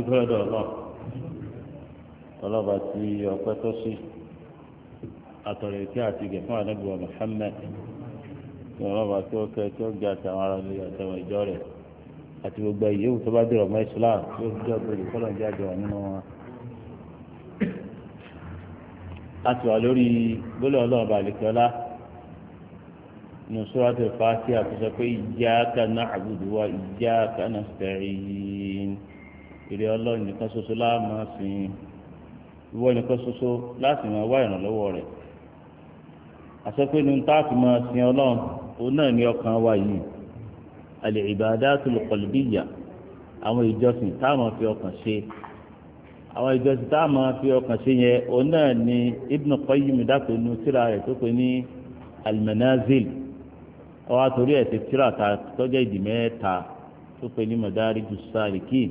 adúgbò lọ́dọ̀ náà ọlọ́ba tí ọpẹ́ tó sí àtọ̀rẹ̀ tí àti gẹ̀ fún àdẹ́gbẹ̀wọ̀ Muhammad ní ọlọ́ba tí ó kẹ́ tí ó gẹ àtàwọn ará ilé àtàwọn ìjọ rẹ̀ àti gbogbo ìyẹ́wò tó bá dèrò ọmọ Islam tí ó jẹ́ ògbèrè kọ́lọ̀ ń jáde wà nínú wọn. a ti wà lórí gbólẹ̀ ọlọ́ọ̀ba àlekọ́lá nusuratul Fatiha àti sọ pé iyyaka na'budu wa iyyaka nasta'in èrè ọlọ́run nìkan ṣoṣo láàmú sìn ìwọ nìkan ṣoṣo láti máa wá ìrànlọ́wọ́ rẹ̀ àṣepinnu táàfin máa sìn ọlọ́run òun náà ní ọkàn wa yìí àlè ìbàdàtul qalbiyya àwọn ìjọsìn táwọn fi ọkàn ṣe àwọn ìjọsìn táwọn fi ọkàn ṣe yẹn òun náà ní Ibn Qayyim dákò nu síra rẹ̀ tó pe ní al ọwọ́ àtòrí ẹ̀ ti síra ta tọ́jà ìdí mẹ́ta tó pe ní Madarij as-Salikin.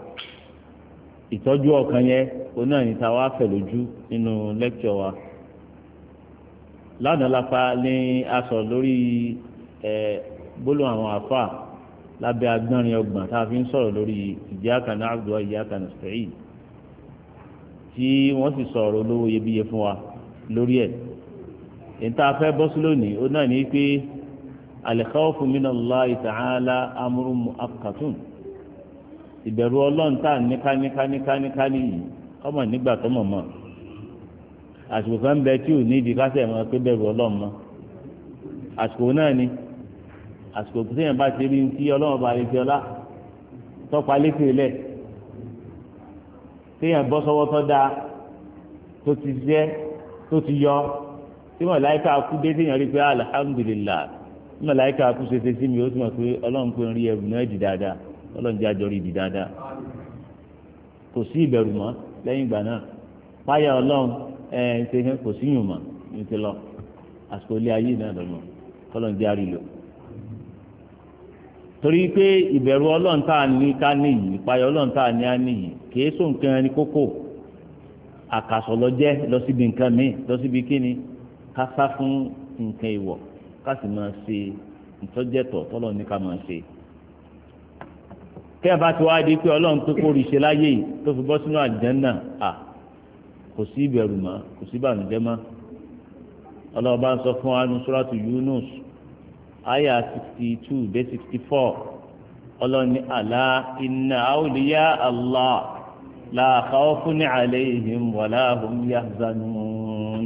ìtọ́jú ọkàn yẹn oní àyìn tá a wá fẹ̀ lójú nínú lẹ́kítọ̀ wa lánàá lápá ní aṣọ lórí ẹ gbólóhùn àwọn àfà lábẹ́ agbọ́nrin ọgbọ̀n tá a fi ń sọ̀rọ̀ lórí iyyaka na'budu wa iyyaka nasta'in tí wọ́n sì sọ̀rọ̀ olówó iyebíye fún wa lórí ẹ̀ ìta fẹ́ bọ́ sí lónìí ó náà ní pé al-khawfu minallahi ta'ala amrun ìbẹ̀rù ọlọ́run tá à ní káníkáníkáníkání yìí ọmọ nígbà tó mọ̀ mọ́ àsìkò kan bẹ tí ò ní ibi kásẹ̀ mọ́ pé bẹ̀rù ọlọ́run mọ́ àsìkò náà ni àsìkò tí yẹn bá ti rí ti ọlọ́run bá rí ti ọlá tọ́pa létí ilẹ̀ tí yẹn bọ́ sọ́wọ́ tó dáa tó ti jẹ́ tó ti yọ tí màláíkà kú dé tí yẹn rí pé alhamdulillah tí màláíkà kú ṣe ṣe sí mi ó sì mọ̀ pé ọlọ́run pé ń rí ẹrù náà jì dáadáa. ọlọ́njẹ́ ajọrọ ibi dáadáa kò sí ìbẹ̀rù mọ́ lẹ́yìn ìgbà náà páyà ọlọ́run ẹ̀ ẹ̀ kò sí yùn ní lọ àsìkò ilé ayé náà lọ́nà ọlọ́njẹ́ àrílò torí pé ìbẹ̀rù ká níyì a níyì kìí nǹkan ẹni fún nǹkan ìwọ̀ ká sì máa ṣe ìtọ́jẹ́tọ̀ tọ́lọ́ tí a bá ti wá di pé ọlọ́run tó kó rí ṣe láyé yìí tó fi bọ́ sínú àjẹ́nà à kò sí ìbẹ̀rù mọ́ kò sí ìbànújẹ́ mọ́ ọlọ́run bá ń sọ fún anu suratu Yunus aya sixty two dé sixty four ọlọ́run ní àlá inna awliya Allah la khawfun alayhim wala hum yahzanun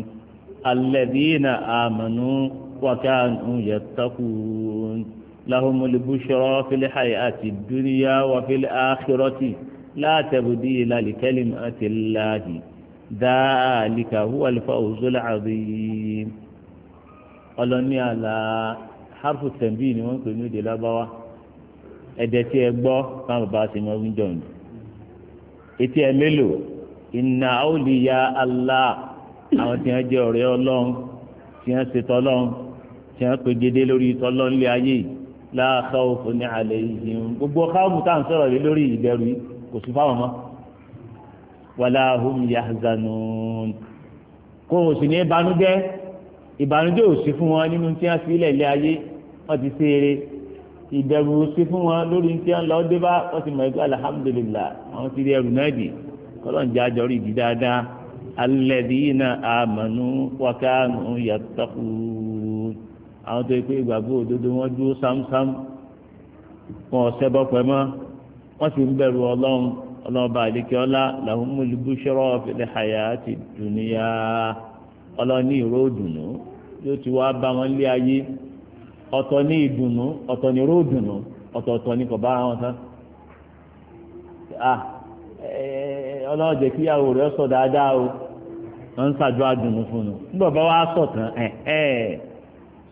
alladhina amanu wa kanu yattaqun. لهم البشرى في الحياة الدنيا وفي الآخرة لا تبديل لكلمات الله ذلك هو الفوز العظيم ọlọ́ni àlà harfu tẹ̀m̀bì ni wọ́n ń pè ní èdè lábáwá ẹ̀dẹ̀ tí ẹ gbọ́ káwọn bàbá ti mọ wíńdọ̀ ni etí ẹ mélòó inna awliya Allah àwọn tí wọ́n jẹ́ ọ̀rẹ́ ọlọ́run tí wọ́n ṣe tọ́lọ́run tí wọ́n pè gédé lórí tọ́lọ́run lé ayé yìí la khawfun alayhim gbogbo káwọ́mù tá à ń sọ̀rọ̀ lé lórí ìbẹ̀rù yìí kò sí fáwọn mọ́ wala hum yahzanun kò sì ní ìbànújẹ́ ìbànújẹ́ ò sí fún wọn nínú tí wọ́n fi ilẹ̀ ilé ayé wọ́n ti ṣe eré ìbẹ̀rù sí fún wọn lórí tí wọ́n lọ dé wọ́n ti mọ̀ ẹgbẹ́ alhamdulillah àwọn ti rí ẹrù náà dì kọ́lọ́n jẹ́ àjọ rí ìdí dáadáa alladhina amanu wa kanu yattaqun. àwọn tó yẹ pé ìgbàgbọ́ òdodo wọn dúró sámsám wọn ọ̀sẹ̀ bọ́ pẹ́ mọ́ wọ́n sì ń bẹ̀rù ọlọ́run ọlọ́run bá àdékè ọlá làwọn múlùbú ṣọ́rọ́ fìlẹ̀ àyà ti dùnìyà ọlọ́run ní ìró òdùnnú yóò ti wá bá wọn lé ayé ọ̀tọ̀ ní ìdùnnú ọ̀tọ̀ ní ìró ọ̀tọ̀ọ̀tọ̀ ní bá wọn tán ah, eh, ọlọ́run jẹ́ rẹ̀ sọ dáadáa o wọ́n ń ṣàjọ àdùnnú fún un sọ̀ tán ẹ̀ ẹ̀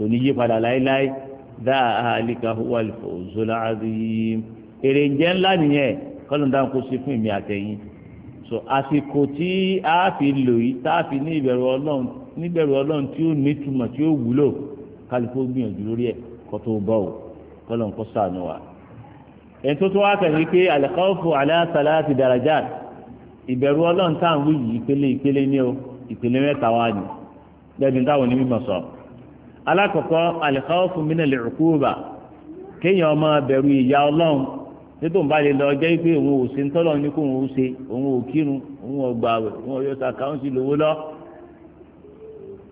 kò ní yí padà láéláé dáhàlíkà wàlí fòzólà àdìyìm èrè ń jẹ́ ńlá nìyẹn kọ́lọ́n dáhùn kó sí fún ìmí àtẹ̀yìn so àsìkò tí a fi lò yìí tá a fi ní ìbẹ̀rù ọlọ́run níbẹ̀rù ọlọ́run tí ó nítumọ̀ tí ó wúlò kálífò gbìyànjú lórí ẹ̀ kó tó bọ́ ò kọ́lọ́n kó sànù wa. ẹni tó tún wá kẹ̀lé pé àlẹ́kọ́fù aláṣàlá ti dàrájà ìbẹ̀rù ọlọ́run táwọn wí yìí ìpele ìpele ní o ìpele alákọ̀ọ́kọ́ al-khawfu min al-uquba kéèyàn ọmọ bẹ̀rù ìyá ọlọ́run nítorí bá lè lọ jẹ́ pé òun ò ṣe ńtọ́lọ́ ní kó òun ṣe òun ò kírun òun ò gbààwẹ̀ òun ò yọ sàkà òun sì lówó lọ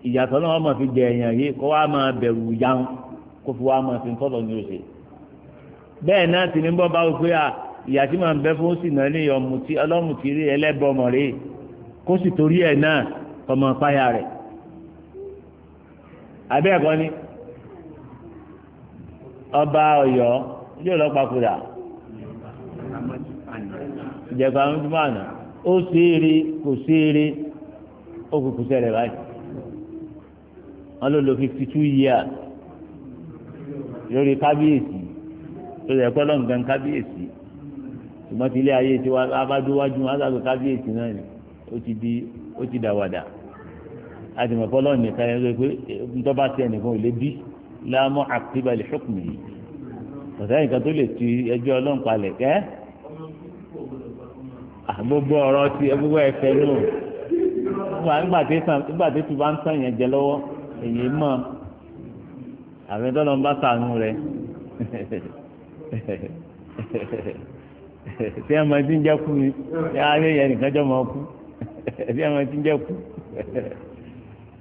ìyàtọ̀ náà wọ́n máa fi jẹ èèyàn yìí kó wá máa bẹ̀rù ìyáhùn kó fi wá máa fi ńtọ́lọ́ ní òṣè bẹ́ẹ̀ náà sì ní bọ́ bá wọ pé tí màá bẹ fún sì náà ní ọmọ rí ẹlẹ́bọmọ rè kó sì torí ẹ̀ náà kọ́mọ páyà rẹ̀ abẹ́ ẹ̀kọ́ ni ọba ọ̀yọ́ yóò lọ papòdà ìjẹ̀kọ̀ amúdúmọ̀ àná ó ṣeere kò ṣeere ó kò kò ṣẹlẹ̀ báyìí wọ́n ló lò fifty two years lórí kábíyèsí lórí ẹ̀kọ́ lọ́nkan kábíyèsí ṣùgbọ́n ti ilé ayé tiwa abádúwájú wọn á sàgbé kábíyèsí náà ni ó ti di àdìmọ̀kọ́lọ́ nìkan yẹn ló pé ntọ́ba ti ẹnìkan ò lè bí láàmú àkíbalẹ̀ ṣọ́kùnmí yìí ọ̀sẹ̀ nìkan tó lè tu ẹjọ́ ọlọ́run palẹ̀ kẹ́ gbogbo ọ̀rọ̀ ti gbogbo ẹ̀fẹ́ nù nígbà tí tu bá ń sàn yẹn jẹ lọ́wọ́ èyí mọ̀ àfi tọ́lọ́ ń bá sànù rẹ̀ tí ẹ máa ti ń jẹ́ kú mi ẹ á yẹ yẹn nìkan jọ máa kú tí ẹ máa ti ń jẹ́ kú.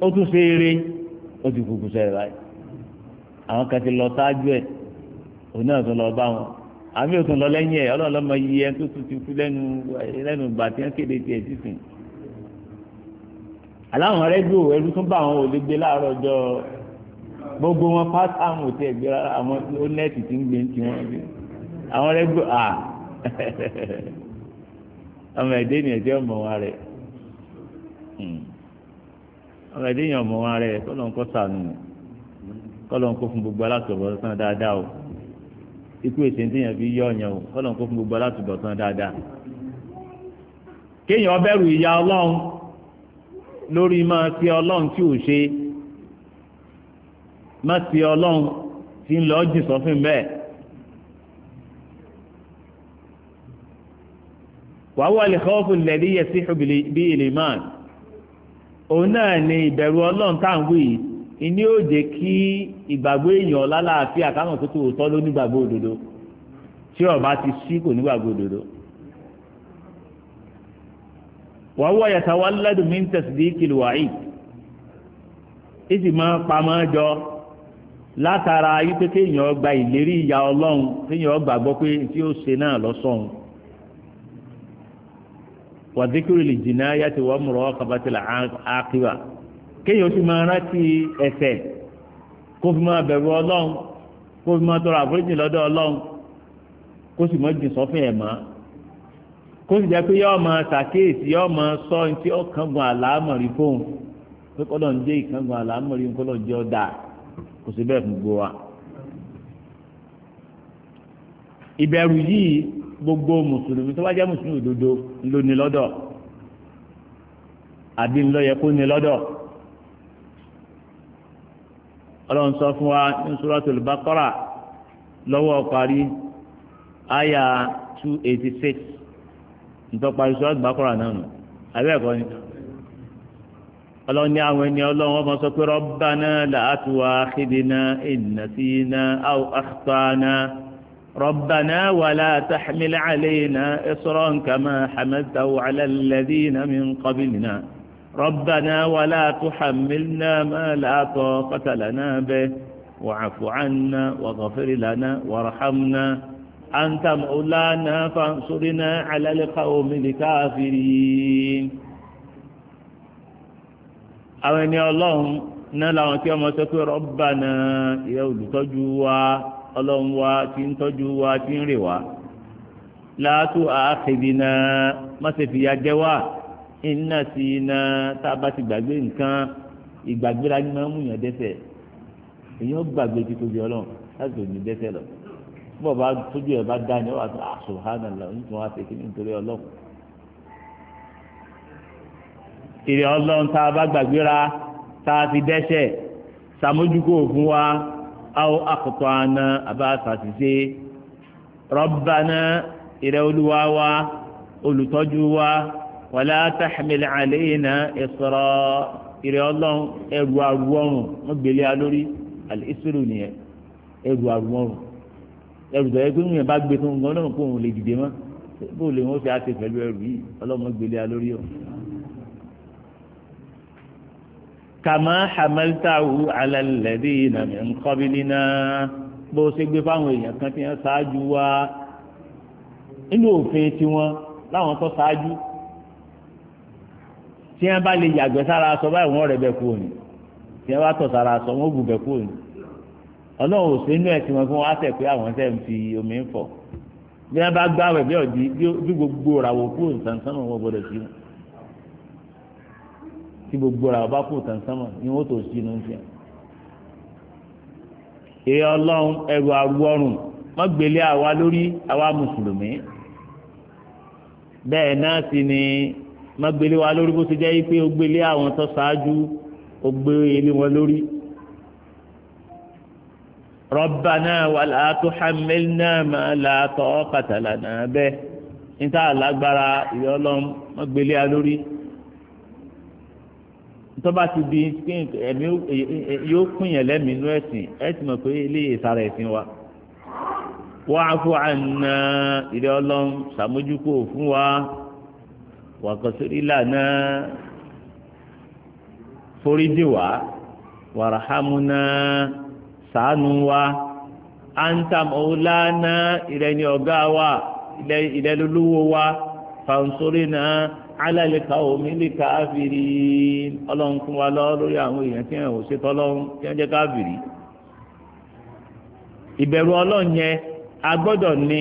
ó tún ṣe eré ó ti kúkú sẹ́yìn báyìí àwọn kan ti lọ sáájú ẹ̀ òun náà tún lọ bá wọn àmì òtún lọ lẹ́yìn ẹ̀ ọlọ́run lọ́mọ yìí ẹ tó tún ti kú lẹ́nu lẹ́nu ìgbà tí wọ́n kéde tiẹ̀ sísìn aláwọn rẹ́díò ẹrú tún bá àwọn òde gbé láàárọ̀ ọjọ́ gbogbo wọn pátá àwọn òtí ẹgbẹ́ rárá àwọn onẹ́ẹ̀tì ti ń gbé ń tiwọn bí àwọn rẹ́díò à ọmọ ẹ̀dẹ́ ni ẹ̀dẹ́ ọmọ wa rẹ̀. Hmm ọ̀rọ̀ ìdíyàn ọmọ wọn rẹ̀ kọ́lọ̀ ń kọ́ sànù kọ́lọ̀ ń kó fún gbogbo alátọ̀bọ̀ sán dáadáa o ikú ètè ìdíyàn fi yọ ọ̀yàn o kọ́lọ̀ ń kó fún gbogbo alátọ̀bọ̀ sán dáadáa. kéèyàn bẹ̀rù ìyá ọlọ́run lórí máa ti ọlọ́run tí ò ṣe má ti ọlọ́run tí ń lọ́ọ́ jì sọ́fìn bẹ́ẹ̀. wàá wà lè kọ́ yẹ sí ìbìlì bíi ìlì òun náà ni ìbẹ̀rù ọlọ́run tá à ń wí yìí ni jẹ́ kí ìgbàgbọ́ èèyàn lálàáfíà káwọn tó tó tọ́ ló nígbàgbọ́ òdodo tí ọba ti sí kò nígbàgbọ́ òdodo. wọ́n wọ́ yàtọ̀ wá lẹ́dùn mí ń tẹ̀sídì kìlù ìsì máa pamọ́ jọ látara pé kéèyàn gba ìlérí ìyá ọlọ́run kéèyàn gbàgbọ́ pé tí ó wàdíkìrì lè jìnnà yàtì wọ́n mọ̀rọ̀ kabatìlà àkìwà kéèyàn sì máa rántí ẹ̀ṣẹ̀ kó fi máa bẹ̀rù ọlọ́run kó fi máa tọrọ àforíjì lọ́dọ̀ ọlọ́run kó sì mọ́ jìn sọ́fìn ẹ̀ mọ́ kó sì jẹ́ pé yọ́ọ́ máa ṣàkíyèsí yọ́ọ́ máa sọ ní tí ọ̀kángun àlámọ̀rí fóun pé kọ́lọ̀ ń dé ìkángun àlámọ̀rí kọ́lọ̀ jẹ́ ọ̀dà kò sí bẹ́ẹ̀ fún gbogbo wa. ìbẹ̀rù yìí gbogbo mùsùlùmí tó bá jẹ́ mùsùlùmí òdodo ló ní lọ́dọ̀ àbí ńlọ yẹ kó ní lọ́dọ̀ ọlọ́run sọ fún wa ní Suratul Baqara lọ́wọ́ parí àyà two eighty six ntọ́parí Suratul Baqara náà nù àbẹ́ ẹ̀kọ́ ni ọlọ́run ní àwọn ẹni ọlọ́run ọmọ sọ pé Rabbana la tu'akhidhna in nasina aw akhta'na. ربنا ولا تحمل علينا إصرا كما حملته على الذين من قبلنا ربنا ولا تحملنا ما لا طاقة لنا به واعف عنا واغفر لنا وارحمنا أنت مولانا فانصرنا على القوم الكافرين أولي الله نلا وكما ربنا يا ولد ọlọ́run wa ti ń tọ́jú wa ti ń rè wá láàtú àákìdínà mọ́sẹ̀fìyà jẹ́ wá iná sí iná tá a bá ti gbàgbé nǹkan ìgbàgbéra ni máa ń múyàn dẹ́ṣẹ̀ èyàn gbàgbé ti tóbi ọlọ́run láti òní dẹ́ṣẹ̀ lọ bọ́ọ̀ bá tójú ẹ̀ bá dá ni ó wà sọ ah, subhanallah ń tún wá ṣe kí nítorí ọlọ́run ìrẹ̀ ọlọ́run tá a bá gbàgbéra tá a ti dẹ́ṣẹ̀ sàmójúkò fún wa àwọn akọ̀tọ̀ àna àbáṣà ti ṣe rọ́bàná ìrẹ́ olúwa wa olùtọ́jú wa wàlá tàḥmìlì àlẹ́yìnà ìsọ̀rọ̀ ìrẹ́ ọlọ́run ẹrù àrùwọ̀rùn wọ́n gbélé a lórí àlẹ́sọ̀rọ̀ nìyẹn ẹrù àrùwọ̀rùn ẹrù tó yẹ kí wọ́n bá gbé tó ń gan náà dìde mọ́ bó lè wọ́n fi àti pẹ̀lú ẹrù yìí ọlọ́run gbélé o. kàmá hamaltahu ala alladhina min qablina bó ṣe gbé fáwọn èèyàn kan tí wọ́n ṣáájú wá inú òfin tiwọn láwọn tó ṣáájú tí wọ́n bá lè yàgbẹ́ sára aṣọ báyìí wọ́n rẹ̀ bẹ̀ kú òní tí wọ́n bá tọ̀ sára aṣọ wọ́n bù bẹ̀ kú òní ọlọ́run ò inú ẹ̀ tí wọ́n fún wa tẹ̀ pé àwọn tẹ̀ ń fi omi ń fọ̀ bí wọ́n bá gbáwẹ̀ bí ọ̀dí bí gbogbo ràwọ̀ kú òǹtàǹtàn wọn tí gbogbo ra ọba kù tán sánmà ni wọ́n tó sínú ń tiẹ̀. èrè ọlọ́run ẹrù arúgbọ́rùn wọ́n gbélé àwa lórí àwa mùsùlùmí bẹ́ẹ̀ náà sì ni wọ́n gbélé wa lórí bó ti jẹ́ pé ó gbélé àwọn tó ṣáájú ó gbélé wọn lórí. ربنا ولا تحملنا ما لا طاقة لنا به níta alágbára ìyọlọ́m wọ́n gbélé a lórí tọ́ba ti di ẹ̀mí yóò kún yẹn lẹ́mìí ẹ̀sìn ẹ̀sìn mọ̀ pé eléyìí sára ẹ̀sìn wa wàáfù àná ìdí ọlọ́run ṣàmójúkò fún wa wàkọ̀sórí foríjì wa wa ìrẹ́ni wa wa fàǹsórí náà. alálẹ́ka omi lè káfìrí ọlọ́run fún wa lọ́wọ́ lórí àwọn èèyàn tí wọn ò ṣe tọ́lọ́run tí wọ́n jẹ́ káfìrí. ìbẹ̀rù ọlọ́run yẹn a gbọ́dọ̀ ní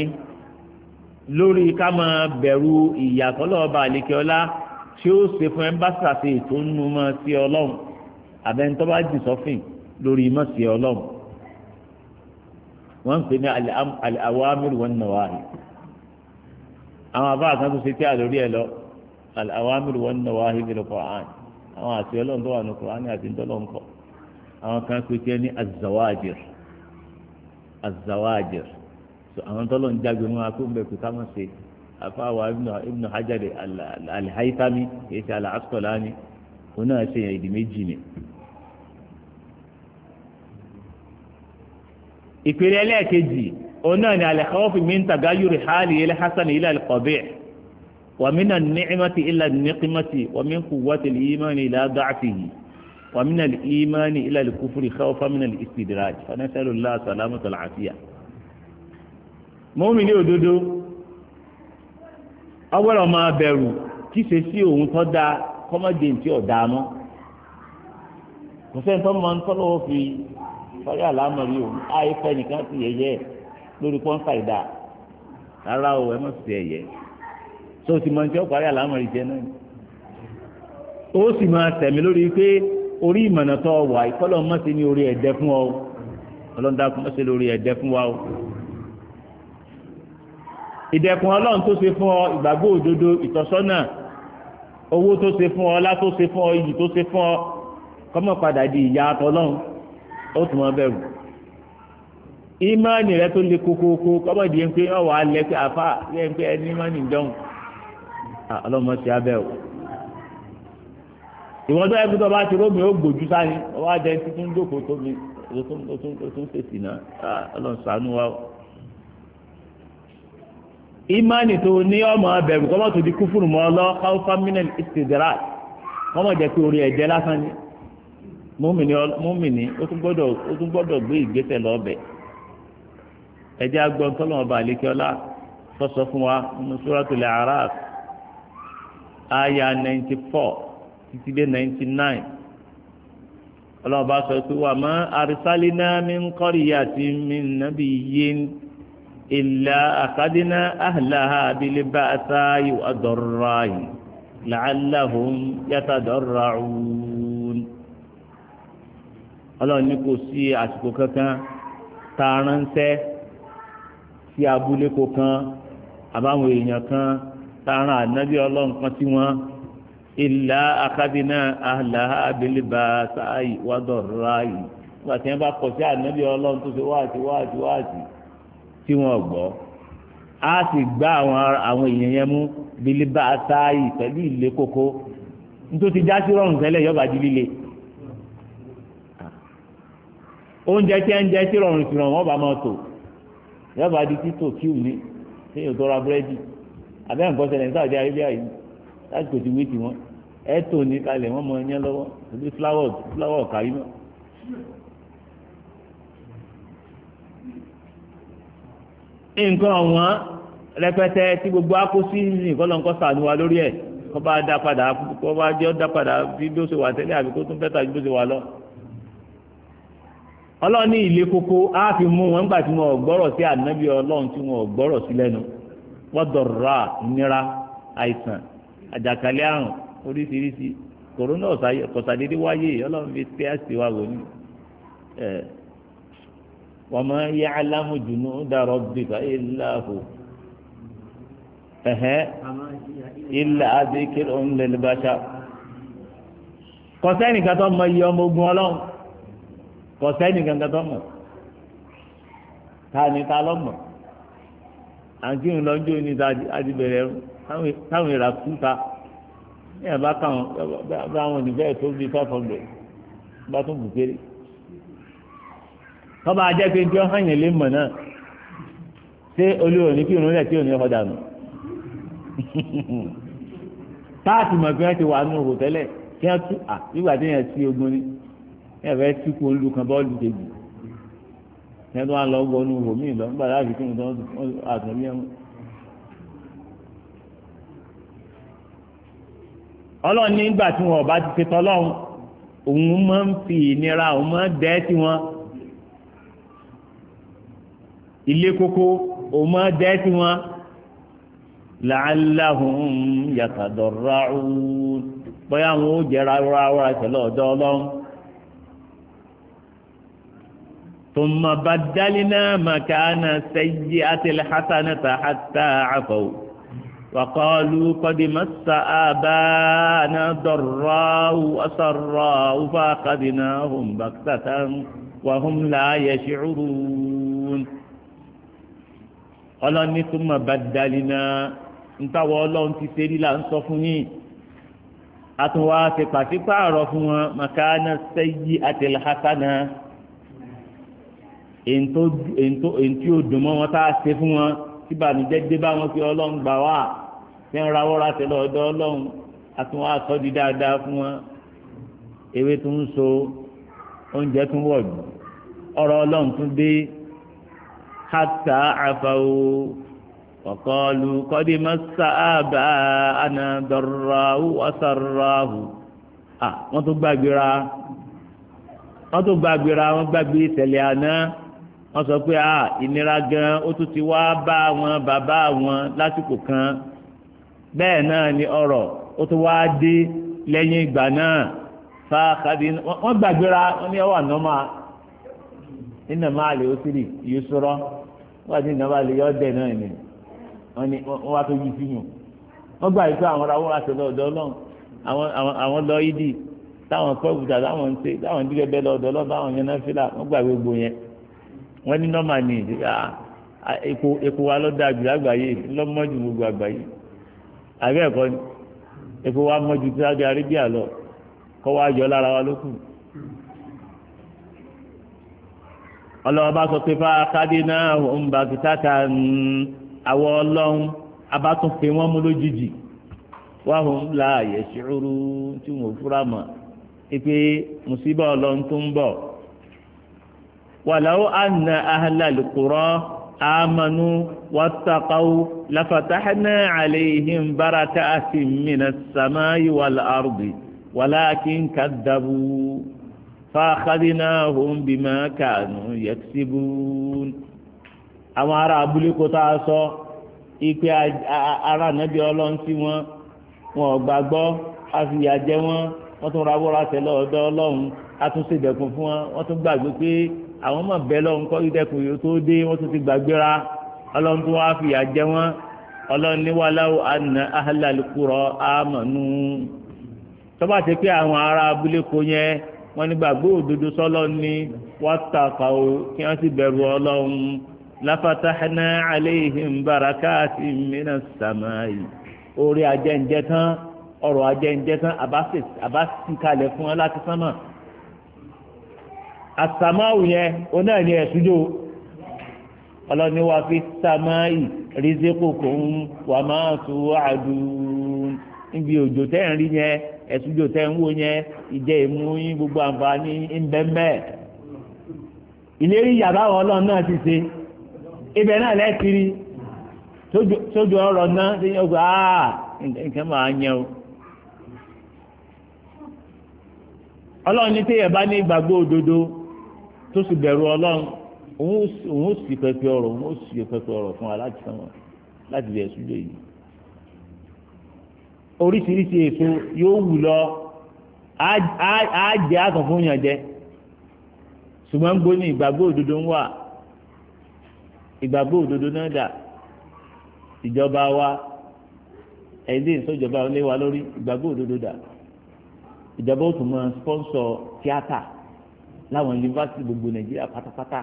lórí ká máa bẹ̀rù ìyàtọ̀lọ́ọ̀bà àlekẹ́ọ́lá tí ó ṣe fún ẹ́mbásà ṣe ètò nínú mọ́ sí ọlọ́run àbẹ́ńtọ́ bá sọ́fìn lórí mọ́ sí ọlọ́run. wọ́n ń pè ní àwọ̀ amírù wọn nà wáyé àwọn àbá àkàntúnṣe tí a lórí ẹ lọ al-awamir wan nawahi bil Qur'an àwọn àti ọlọ́run tó wà ní Qur'an àti ńdọ́lọ́ ńkọ àwọn kan pé kí ẹ ní az-zawajir az-zawajir so àwọn tọ́lọ̀ ń jágbe mọ́ akóńbẹ̀ kò ká mọ̀ sí afáwa ibnu hajar al-haytami kì í ṣe al òun náà ṣe ìdí méjì ni. ìpele ẹlẹ́ẹ̀kejì òun náà ni al-khawf min tagayuri hali ilé hasan ilé al-qabih ومن النعمة إلى النقمة ومن قوة الإيمان إلى ضعفه ومن الإيمان إلى الكفر خوفا من الاستدراج فنسأل الله سلامة العافية mọ́mìnì òdodo ọgbọ́dọ̀ máa bẹ̀rù kí ṣe sí òun tó dáa kọ́mọ́dé tí ò dáa mọ́ kò sẹ́ni tó máa ń tọ́lọ́wọ́ fi sọ́rí àlámọ̀rí òun àìfẹ́ nìkan sì yẹyẹ lórí pọ́ńsà ìdá rárá o ẹ má sì ẹ̀yẹ tó o ti mọ ní ọ̀pọ̀ ayé àlámọ̀ ìjẹ náà ó sì máa tẹ̀mí lórí pé orí ìmọ̀nà tó wà ìkọ́lọ̀ mọ́sí ní orí ẹ̀dẹ́ fún ọ ọlọ́dà mọ́sí lórí ẹ̀dẹ́ fún wa o ìdẹ̀kùn ọlọ́run tó ṣe fún ọ ìgbàgbọ́ òdodo ìtọ́sọ́nà owó tó ṣe fún ọ ọlá tó ṣe fún ọ iyì tó ṣe fún ọ kọ́mọ̀ padà di ìyá àtọ́lọ́run ó tún mọ́ bẹ̀rù ìmọ̀ọ́nì rẹ tó le kókókó kọ́mọ̀ di ẹni pé ọ̀wà alẹ́ pé àfà ẹni pé ẹni mọ́ọ́nì jọ̀hún Ah, ọlọ́mọ ti abẹ́ o ìwọ́n tó yẹ kó tó bá ti rómi ó gbójú sáni ọwọ́ adé tuntun jókòó tómi tó tún fèsì náà ah, ọlọ́run ṣàánú wa o ìmánì tó ní ọmọ abẹ̀rù kọ́mọ́ tó di kúfùrù mọ́ lọ káwọ́fà mínẹ́lì ìsìdìrà kọ́mọ́ jẹ́ pé orí ẹ̀jẹ̀ lásán ni múmìnì ó tún gbọ́dọ̀ gbé ìgbésẹ̀ lọ́ọ̀bẹ̀ ẹ̀jẹ̀ agbọ́n tọ́lọ́mọba àlékẹ́ọ́lá sọ́sọ́ fún wa nínú Suratul A'raf aya ninety four títí dé ninety nine ọlọ́ọ̀bá sọ pé wà má arsalina min Ila min nabiyyin illa akhadna ahlaha bil ba'sa'i wad darra'i la'allahum yatadarra'un. ọlọ́run ní kò sí àsìkò kankan tá a ránṣẹ́ sí abúlé kọ̀ọ̀kan àbáwọn èèyàn kan. tààrà ànábì ọlọ́run kan tí wọ́n ilà akadínà àlà abilba sáàyì wàdọ̀ráyì nígbà tí wọ́n bá kọ̀ sí ànábì ọlọ́run tó ṣe wáàtí wáàtí wáàtí tí wọ́n gbọ́ á sì gbá àwọn àwọn èèyàn yẹn mú bilba sáàyì pẹ̀lú ìlé kókó nítorí já sí rọrùn tẹ́lẹ̀ yọba di oúnjẹ tí ń jẹ rọrùn sí rọrùn wọ́n bá máa tò yọba di títò kíù ní kéèyàn tó ra búrẹ́dì abẹ́ nǹkan ṣẹlẹ̀ ní Saudi Arabia yìí láti kò ti wí tiwọn ẹ tó ní kalẹ̀ wọ́n mọ ẹyẹ lọ́wọ́ ẹbí fúláwọ̀ fúláwọ̀ kárí mọ́. nǹkan ọ̀wọ́n rẹpẹtẹ tí gbogbo akósí nǹkan lọ́nkọ́ sànù wa lórí ẹ̀ kọ́ bá dá padà kọ́ bá jẹ́ dá padà bí bí ó ṣe wà tẹ́lẹ̀ àbí kó tún bẹ́tà bí ó ṣe wà lọ. ọlọ́ọ̀ni ilé koko á fi mú wọn gbà tí wọn ò gbọ́rọ̀ sí ànábì ọlọ́run tí wọn ò gbọ́rọ̀ sí lẹ́nu wọ́dọ̀rọ̀ ìnira àìsàn àjàkálẹ̀ àrùn oríṣiríṣi kòrónà kọ̀sàdédé wáyé ọlọ́run fi tẹ́ àṣì wa wò ní. wa ma ya'lamu junuda rabbika illa hu illa dhikrun lil bashar. kọ̀sẹ́nì kan tó mọ iye ọmọ ogun ọlọ́run kọ̀sẹ́nì kan tó mọ̀ ta ni ta lọ́mọ̀ àǹtí ń lọ ń jó ní ta adìbẹ̀rẹ̀ táwọn ìrà kú ta ní àbá káwọn bá wọn níbẹ̀ tó bí five hundred bá tún bù kéré tọ́ba ajẹ́ pé jọ́ hàn yẹn lé mọ̀ náà ṣé olúwo ní kí irun rẹ̀ tí ò ní ọkọ̀ dànù táàtì mọ̀ pé wọ́n ti wà nínú òwò tẹ́lẹ̀ kí wọ́n tú à nígbà tí yẹn ti ogun ni yẹn fẹ́ tú kó lu kan bọ́ọ̀lù kejì yẹn tó wà lọ wọnú omi lọ nígbà láti kí nìkan àtúnbí ẹ̀wọ̀n. ọlọ́run nígbà tí wọn ọba ti ṣe tọ́lọ́run òun máa ń fi ìnira òun máa ń dẹ́ tí wọn ilé kókó òun máa ń dẹ́ tí wọn làálàhùn yàtàdọ̀rọ̀ bóyá wọn ó jẹ́ra rárá tẹ̀lé ọlọ́run. ثم بدلنا مكان سيئة الحسنة حتى عفوا وقالوا قد مس آبانا ضراء وسراء فأخذناهم بغتة وهم لا يشعرون قال أني ثم بدلنا انت والله انت سيري لان صفني أتواتي فاتي تعرفوا مكان سيئة الحسنة èyí tí ó dùn mọ́ wọn tá a ṣe fún wọn tí bànújẹ́ dé bá wọn pé ọlọ́run gbà wá tí ń rawọ́ ra tẹ̀lé ọ̀dọ̀ ọlọ́run àti wọn aṣọ di dáadáa fún wọn ewé tó ń so oúnjẹ tó ń wọ̀ jù ọ̀rọ̀ ọlọ́run tún dé hàtà àfàwò ọ̀kọ́lu kọ́dí mọ́sá àbá ànàdọ̀ràhù ọ̀sàràhù tó gbàgbéra wọ́n tó gbàgbéra wọ́n gbàgbé tẹ̀lé àná wọ́n sọ pé a ah, ìnira gan ó tún ti wá bá wọn bàbá wọn lásìkò kan bẹ́ẹ̀ náà ni ọ̀rọ̀ ó tún wá dé lẹ́yìn ìgbà náà fa kàdí wọ́n gbàgbéra wọ́n ní ọwọ́ àná máa nínú máa lè ó sílì yìí sọ̀rọ̀ wọ́n àti ìnáwó àlè yọ ọdẹ náà ni wọ́n ní wọ́n wá tó yí sí yùn wọ́n gbà yìí pé àwọn ará wọ́n àti ọ̀dọ́ náà àwọn lọ́ọ́ yídì táwọn kọ́ọ̀bù tà táwọn ń ṣe táwọn ń dígẹ́ bẹ́ẹ̀ lọ́dọ̀ lọ́ba àwọn yẹn náà fílà wọ́n gbà gbogbo yẹn wọ́n ní nọ́mà ní epo epo wa ló dáa jù lágbàáyé lọ́mọ ju gbogbo àgbáyé àbí ẹ̀kọ́ ni epo wa mọ́ ju Saudi Arabia lọ kọ́ wa yọ lára wa lókù. ọlọ́wọ́ bá sọ pé fa kádé náà ń bá kìtàkà àwọ̀ ọlọ́run abátúnfẹ́ wọn mú lójijì wọ́n hùn láàyè ṣùúrù tí wọ́n fúra mọ́ pé mùsíbà ọlọ́run tó ń bọ̀ wàláwó àna ahàlàlùkùrọ́ àmànú wàtàkàwó láfàtàhánà àlèyìn bárata àti mìnà sàmáyì wàlá àrùbí wàlákin kàdàbù fàkàdínà hùn bímà kànú yẹksibún. àwọn ará abúlé kò tá a sọ ipe ara nàbí ọlọ́run sí wọn wọn ò gbàgbọ́ àfìyà jẹ wọn wọ́n tún ra wọ́ra tẹ̀lé ọ̀dọ́ ọlọ́run a tún ṣèdẹ̀kùn fún wọn wọ́n tún gbàgbé pé àwọn ọmọ bẹ́ẹ̀ lọ ńkọ́ ìdẹ́kùn yìí tó dé wọ́n tún ti gbàgbéra ọlọ́run tó wá fìyà jẹ wọ́n ọlọ́run ní wàláwù àna ahlalukúrọ̀ àmọ̀nù tọ́ba ti pé àwọn ará abúlé kò yẹn wọ́n ní gbàgbọ́ òdodo sọ́lọ́ ní wàtàkà ó kí wọ́n sì bẹ̀rù ọlọ́run láfàtàhánà àléhìn bàràkàtì mìíràn sàmáì orí ajẹ́njẹ́ tán ọ̀rọ̀ ajẹ́njẹ́ tán àbá sì kalẹ̀ fún ọ láti sánmà àsàmáwù yẹn o náà ní ẹ̀sùjò ọlọ́ni wa fi sàmáì rizqukum wa ma tu'adun níbi òjò tẹ́ ń rí yẹn ẹ̀sùjò tẹ́ ń wò yẹn ìjẹ́ ìmú yín gbogbo àǹfààní ń bẹ́ mẹ́ ìlérí yàrá ọlọ́run náà ti ṣe ibẹ̀ náà lẹ́kiri sójú ọ̀rọ̀ náà ṣe yẹ kó aa nǹkan máa yẹ o. ọlọ́run ní téèyàn bá ní ìgbàgbọ́ òdodo tó sì bẹ̀rù ọlọ́run òun ó sì pẹpẹ ọ̀rọ̀ òun ó sì pẹpẹ ọ̀rọ̀ fún wa láti sánwọ̀n láti bẹ̀rẹ̀ sílẹ̀ yìí oríṣiríṣi èso yóò wù lọ á jẹ́ àtàn fún yàn jẹ ṣùgbọ́n ń gbóni ìgbàgbọ́ òdodo ń wà ìgbàgbọ́ òdodo náà dà ìjọba wa ẹ̀dẹ́ ìsọ̀jọba lé wa lórí ìgbàgbọ́ òdodo dà ìjọba ó tún mọ sponsor tíátà láwọn yunifásitì gbogbo nàìjíríà pátápátá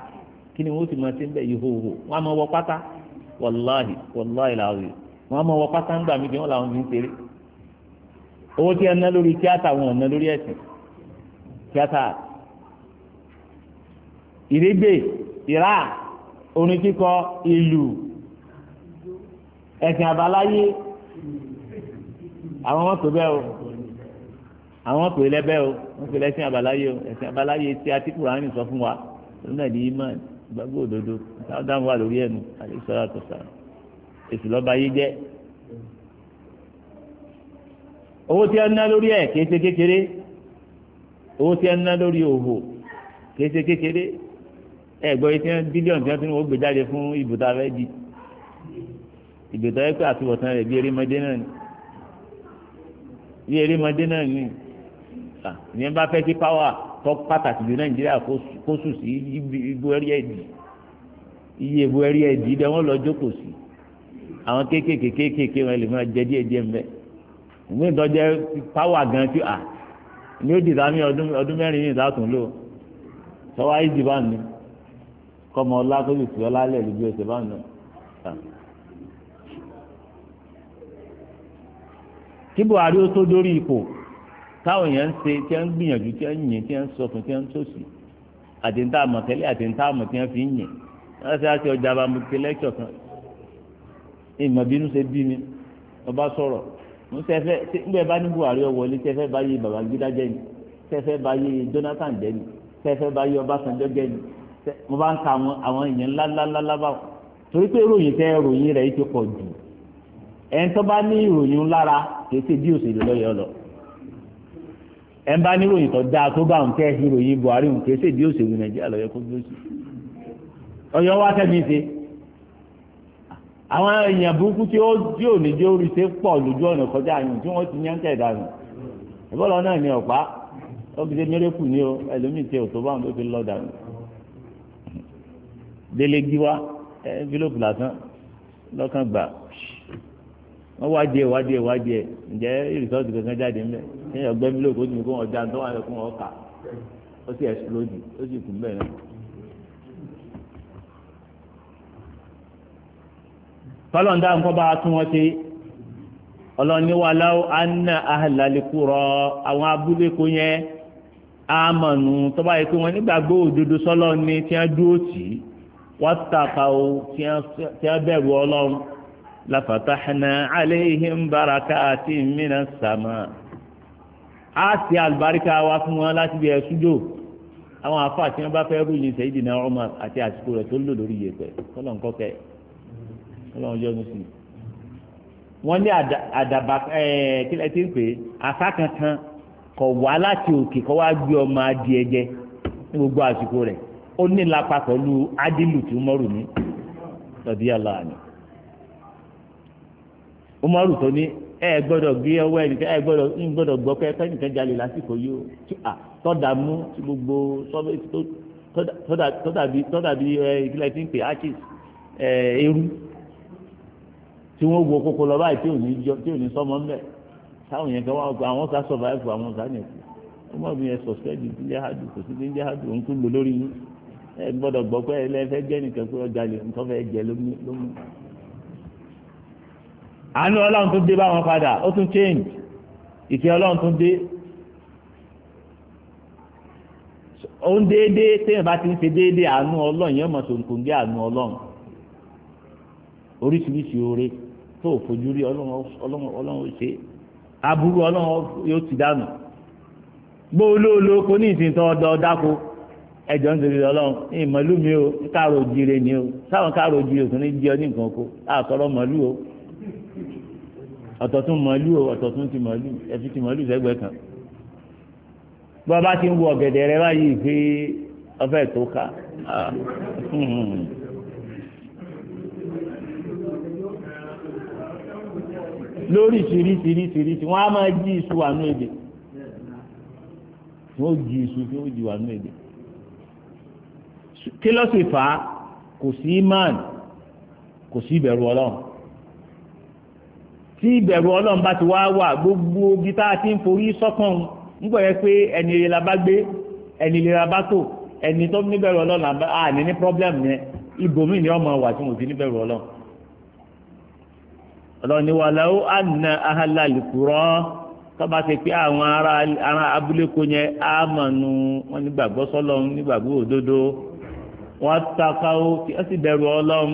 kí ni wọ́n ti máa ṣe ń bẹ̀ ìhòòhò wọ́n á máa wọ pátá wàláhì wàláhì làwì wọ́n á máa wọ pátá ńgbà mí kí wọ́n làwọn fi ń ṣeré owó tí ẹ ná lórí tíátà wọn ò ná lórí ẹ̀sìn tíátà ìrégbè ìrà orin kíkọ ìlú ẹ̀sìn àbáláyé àwọn ọmọ tó bẹ́ẹ̀ o àwọn pè lẹ́bẹ́ o wọ́n pè lẹ́sìn àbáláyé o ẹ̀sìn àbáláyé tí a ti Kùránì sọ fún wa lóun náà ní imán ìgbàgbọ́ òdodo táwọn dáhùn wà lórí ẹnu àdéṣọ́lá tó sàn èsì lọ́ba yé jẹ́ owó tí a ń ná lórí ẹ̀ kéése kékeré owó tí a ń ná lórí òhò kéése kékeré ẹ̀ gbọ́ etí wọn bílíọ̀nù tí wọ́n ti ń wọ́n gbé jáde fún ibùdó afẹ́ di ibùdó ayé pé àtúbọ̀tán rẹ̀ bí erémọdé náà ni bí erémọdé náà ni Ah, ìyẹn bá fẹ́ kí páwà tó pàtàkì ju nàìjíríà kó sùn sí ibu ẹrí ẹ̀dì iye ibu ẹrí ẹ̀dì dẹ wọ́n lọ jókòó sí àwọn kéékèèké kéékèèké wọn lè máa jẹ díẹ̀ díẹ̀ mbẹ́ ìwé ìdọ́jẹ́ páwà gan tí à ah, ní ó dì sámi ọdún mẹ́rin yìí látún lò sọ́wọ́ ayé jì bá nù kọ́mọ ọlá tó lè fi ọlá lẹ̀ lójú ẹsẹ̀ bá nù. Ah. kí Buhari ó tó dórí ipò táwọn èèyàn ń ṣe tí wọ́n ń gbìyànjú tí wọ́n ń yìn tí wọ́n ń sọkùn tí wọ́n ń tòṣì àtẹ̀ntà àmọ̀tẹ́lẹ̀ àtẹ̀ntà àmọ̀ tí wọ́n fi ń yìn wọ́n ṣe àti ọjà abamute lẹ́kṣọ̀ kan ìmọ̀ bínú ṣe bí mi ọba sọ̀rọ̀ mo sẹ́fẹ́ ńgbẹ́ bá ní Buhari ọwọ́lé sẹ́fẹ́ bá yé Babangida jẹ́ ni sẹ́fẹ́ bá yé Jonathan jẹ́ ni sẹ́fẹ́ bá yé Ọbásanjọ́ jẹ́ ni mo bá ń ka àwọn àwọn èèyàn ńláńláńlá báwọn torí pé ìròyìn tẹ ìròyìn rẹ̀ yìí ti pọ̀ jù ẹ̀ ń tọ́ bá ní ìròyìn ńlára kì í ṣe bí òṣèlú lọ́yọ̀ọ́ lọ. ẹ ń bá níròyìn tó dáa tó bá Buhari ń ké sèdí òṣèlú Nàìjíríà lọ́yẹ kó dúró sí ọyọ wá sẹ́mi ṣe àwọn èèyàn burúkú tí ó dí òní dí orí ṣe pọ̀ lójú ọ̀nà kọjá àyùn tí wọ́n ti yán tẹ̀ dànù náà ni ọ̀pá ó fi ṣe mérékù ní o ẹlòmíì ṣe òtó báwọn fi lọ dànù délé lásán lọ́kàn gbà wọ́n wá kéèyàn gbẹ́mí lóko ní kó wọn já tó wà lọ kó wọn kà ó sì ẹ̀sìlódì ó sì kú bẹ́ẹ̀ náà. tọ́lọ̀ ń dá nǹkan bá a tún wọn ṣe ọlọ́ni anna ahàlálẹ́kù àwọn abúlé kò yẹn àmọ̀nù tó bá yẹ wọ́n nígbàgbọ́ òdodo sọ́lọ́ ni tí wọ́n dúró tì í wọ́n tí wọ́n bẹ̀rù ọlọ́run lafatahna alayhim barakatin minas samaa á ṣe àlùbáríkà wa fún wọn láti bí ẹ̀ṣújò àwọn àfáà tí wọ́n bá fẹ́ ròyìn Sayyidina Umar àti àsìkò rẹ̀ tó lò lórí yẹ̀pẹ̀ kọ́lọ̀ nǹkan kẹ́ kọ́lọ̀ yọnu sí i wọ́n ní àdàbà kílẹ̀ tí ń pè é afá kankan kọ̀ wá láti òkè kọ́ wá gbé ọmọ adìẹ jẹ ní gbogbo àsìkò rẹ̀ ó ní lápá pẹ̀lú adìlù tí Umaru ní radiyallahu anhu Umaru tó ní ẹ gbọ́dọ̀ gbé ọwọ́ ẹnìkan ẹ gbọ́dọ̀ ń gbọ́dọ̀ gbọ́ pé ẹ̀kọ́ ẹnìkan jalè lásìkò yìí o tí a tọ́da mú tí gbogbo tọ́da bí tọ́da bí ẹ ìpínlẹ̀ tí ń pè arches ẹ eru tí wọ́n wo kókó lọ báyìí tí ò ní jọ tí ò ní sọmọ ńbẹ táwọn yẹn kan wá ọkọ àwọn sá survive àwọn sá nìkú ó mọ̀ bí yẹn suspect ti jẹ́ hadu kò sí ti jẹ́ hadu òun tún lò lórí yín ẹ gbọ́dọ̀ gbọ́ pé ẹ lẹ́fẹ́ jẹ́ nìkan pé ọjà lè nǹkan fẹ́ jẹ lómú àánú ọlọ́run tún dé báwọn padà ó tún change ìkẹ́ ọlọ́run tún dé òun déédéé téèyàn bá ti ń ṣe déédéé àánú ọlọ́run yẹn mọ̀ sòǹkòǹgé àánú ọlọ́run oríṣiríṣi oore tó o fojú rí ọlọ́run ó ṣe aburú ọlọ́run yóò ti dànù gbó olóòlò kó ní ìsìn tó ọdọ dáko ẹjọ ń torí ọlọ́run ìmọ̀lú mi o káàró òjì rẹ ni o sáwọn káàró òjì òtún ní jẹ́ ní nǹkan oko àtọ́rọ́ mọ̀lú o ọ̀tọ̀tún màálù ọ̀tọ̀tún ti màálù ẹ̀fí ti màálù sẹ́gbẹ̀ẹ́ kan bọ́ bá ti ń wo ọ̀gẹ̀dẹ̀ rẹ báyìí pé ọfẹ́ tó ká lórí ṣiríṣiríṣiríṣi wọ́n á máa jí iṣu wà ní èdè wọ́n jí iṣu tí wọ́n jí wà ní èdè kí ló sì fà á kò sí imán kò sí ìbẹ̀rù ọlọ́run. tí ìbẹ̀rù ọlọ́run bá ti wá wà gbogbo gítá tí ń forí sọ́kàn ń gbọ́ pé ẹni ìlera bá gbé ẹni ìlera bá tò ẹni tó níbẹ̀rù ọlọ́run àní ní problem yẹn ibòmí ni ọmọ wà tí mo níbẹ̀rù ọlọ́run ọlọ́run ni wàláwó àná ahàlà lùkùrọ́ tọ́ba ti pé àwọn ará abúlé kò yẹn àmọ̀nù wọn nígbàgbọ́ sọ́lọ́run nígbàgbọ́ òdodo wọ́n takáwó kí wọ́n sì bẹ̀rù ọlọ́run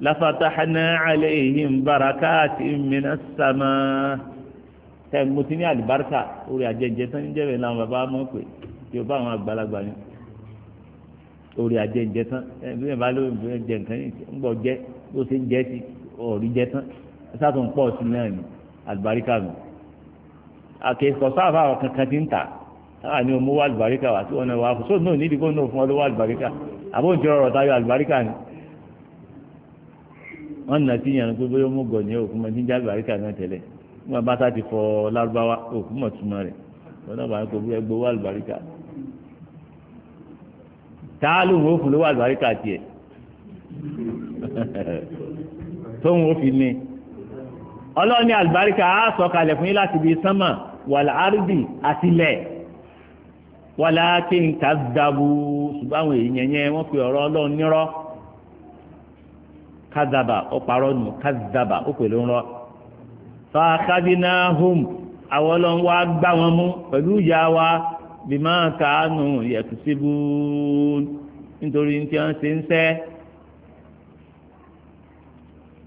lafatahana alayhim barakati minas sama tẹ́gbọ́n mo ti ní àlùbáríkà orí àjẹjẹ tán ní jẹ́bẹ̀ẹ́ làwọn bàbá mọ̀ pé yorùbá àwọn àgbàlagbà ni orí àjẹjẹ tán ẹbí mi bá lóyún fún ẹjẹ nǹkan yìí ń bọ̀ jẹ́ bó ṣe ń jẹ́ sí ọ̀rí jẹ́ tán sátún pọ̀ sí náà ni àlùbáríkà mi àkẹ́kọ̀ọ́ sáfà kankan ti ń tà á ní o mú wá àlùbáríkà wá sí ọ̀nà ìwà àkùsọ̀ náà nídìí kó náà fún ọ lówó àlùbáríkà àbóǹtí ọ̀rọ̀ tayọ àlùbáríkà ni wọn nà sí yàrá pé bóyá ó mú gọ̀ ní òkú mọ́tí jáde àríkà náà tẹ́lẹ̀ nígbà bá sáà ti fọ lárúbáwá òkú mọ̀ túmọ̀ rẹ̀ wọn náà bá ń kó bóyá gbowó àlùbáríkà tààlù ń fún lówó àlùbáríkà tiẹ̀ tóun ó fi ní ọlọ́ọ̀ni àlùbáríkà á sọ kalẹ̀ fún yín láti ibi sánmà wàlà árídì àtìlẹ̀ wàlà kí n kà dábù ṣùgbọ́n àwọn èèyàn yẹn wọ́n pe ọ̀rọ̀ ọlọ́run nírọ́ kazaba ó parọ́ nù kazaba ó pèlú ńlọ. fa akadinahum àwọn ọlọ́run wá gbá wọn mú pẹ̀lú ìyá wa bímọ kàánù yẹtùsíbù nítorí ní tí wọ́n ṣe ń sẹ́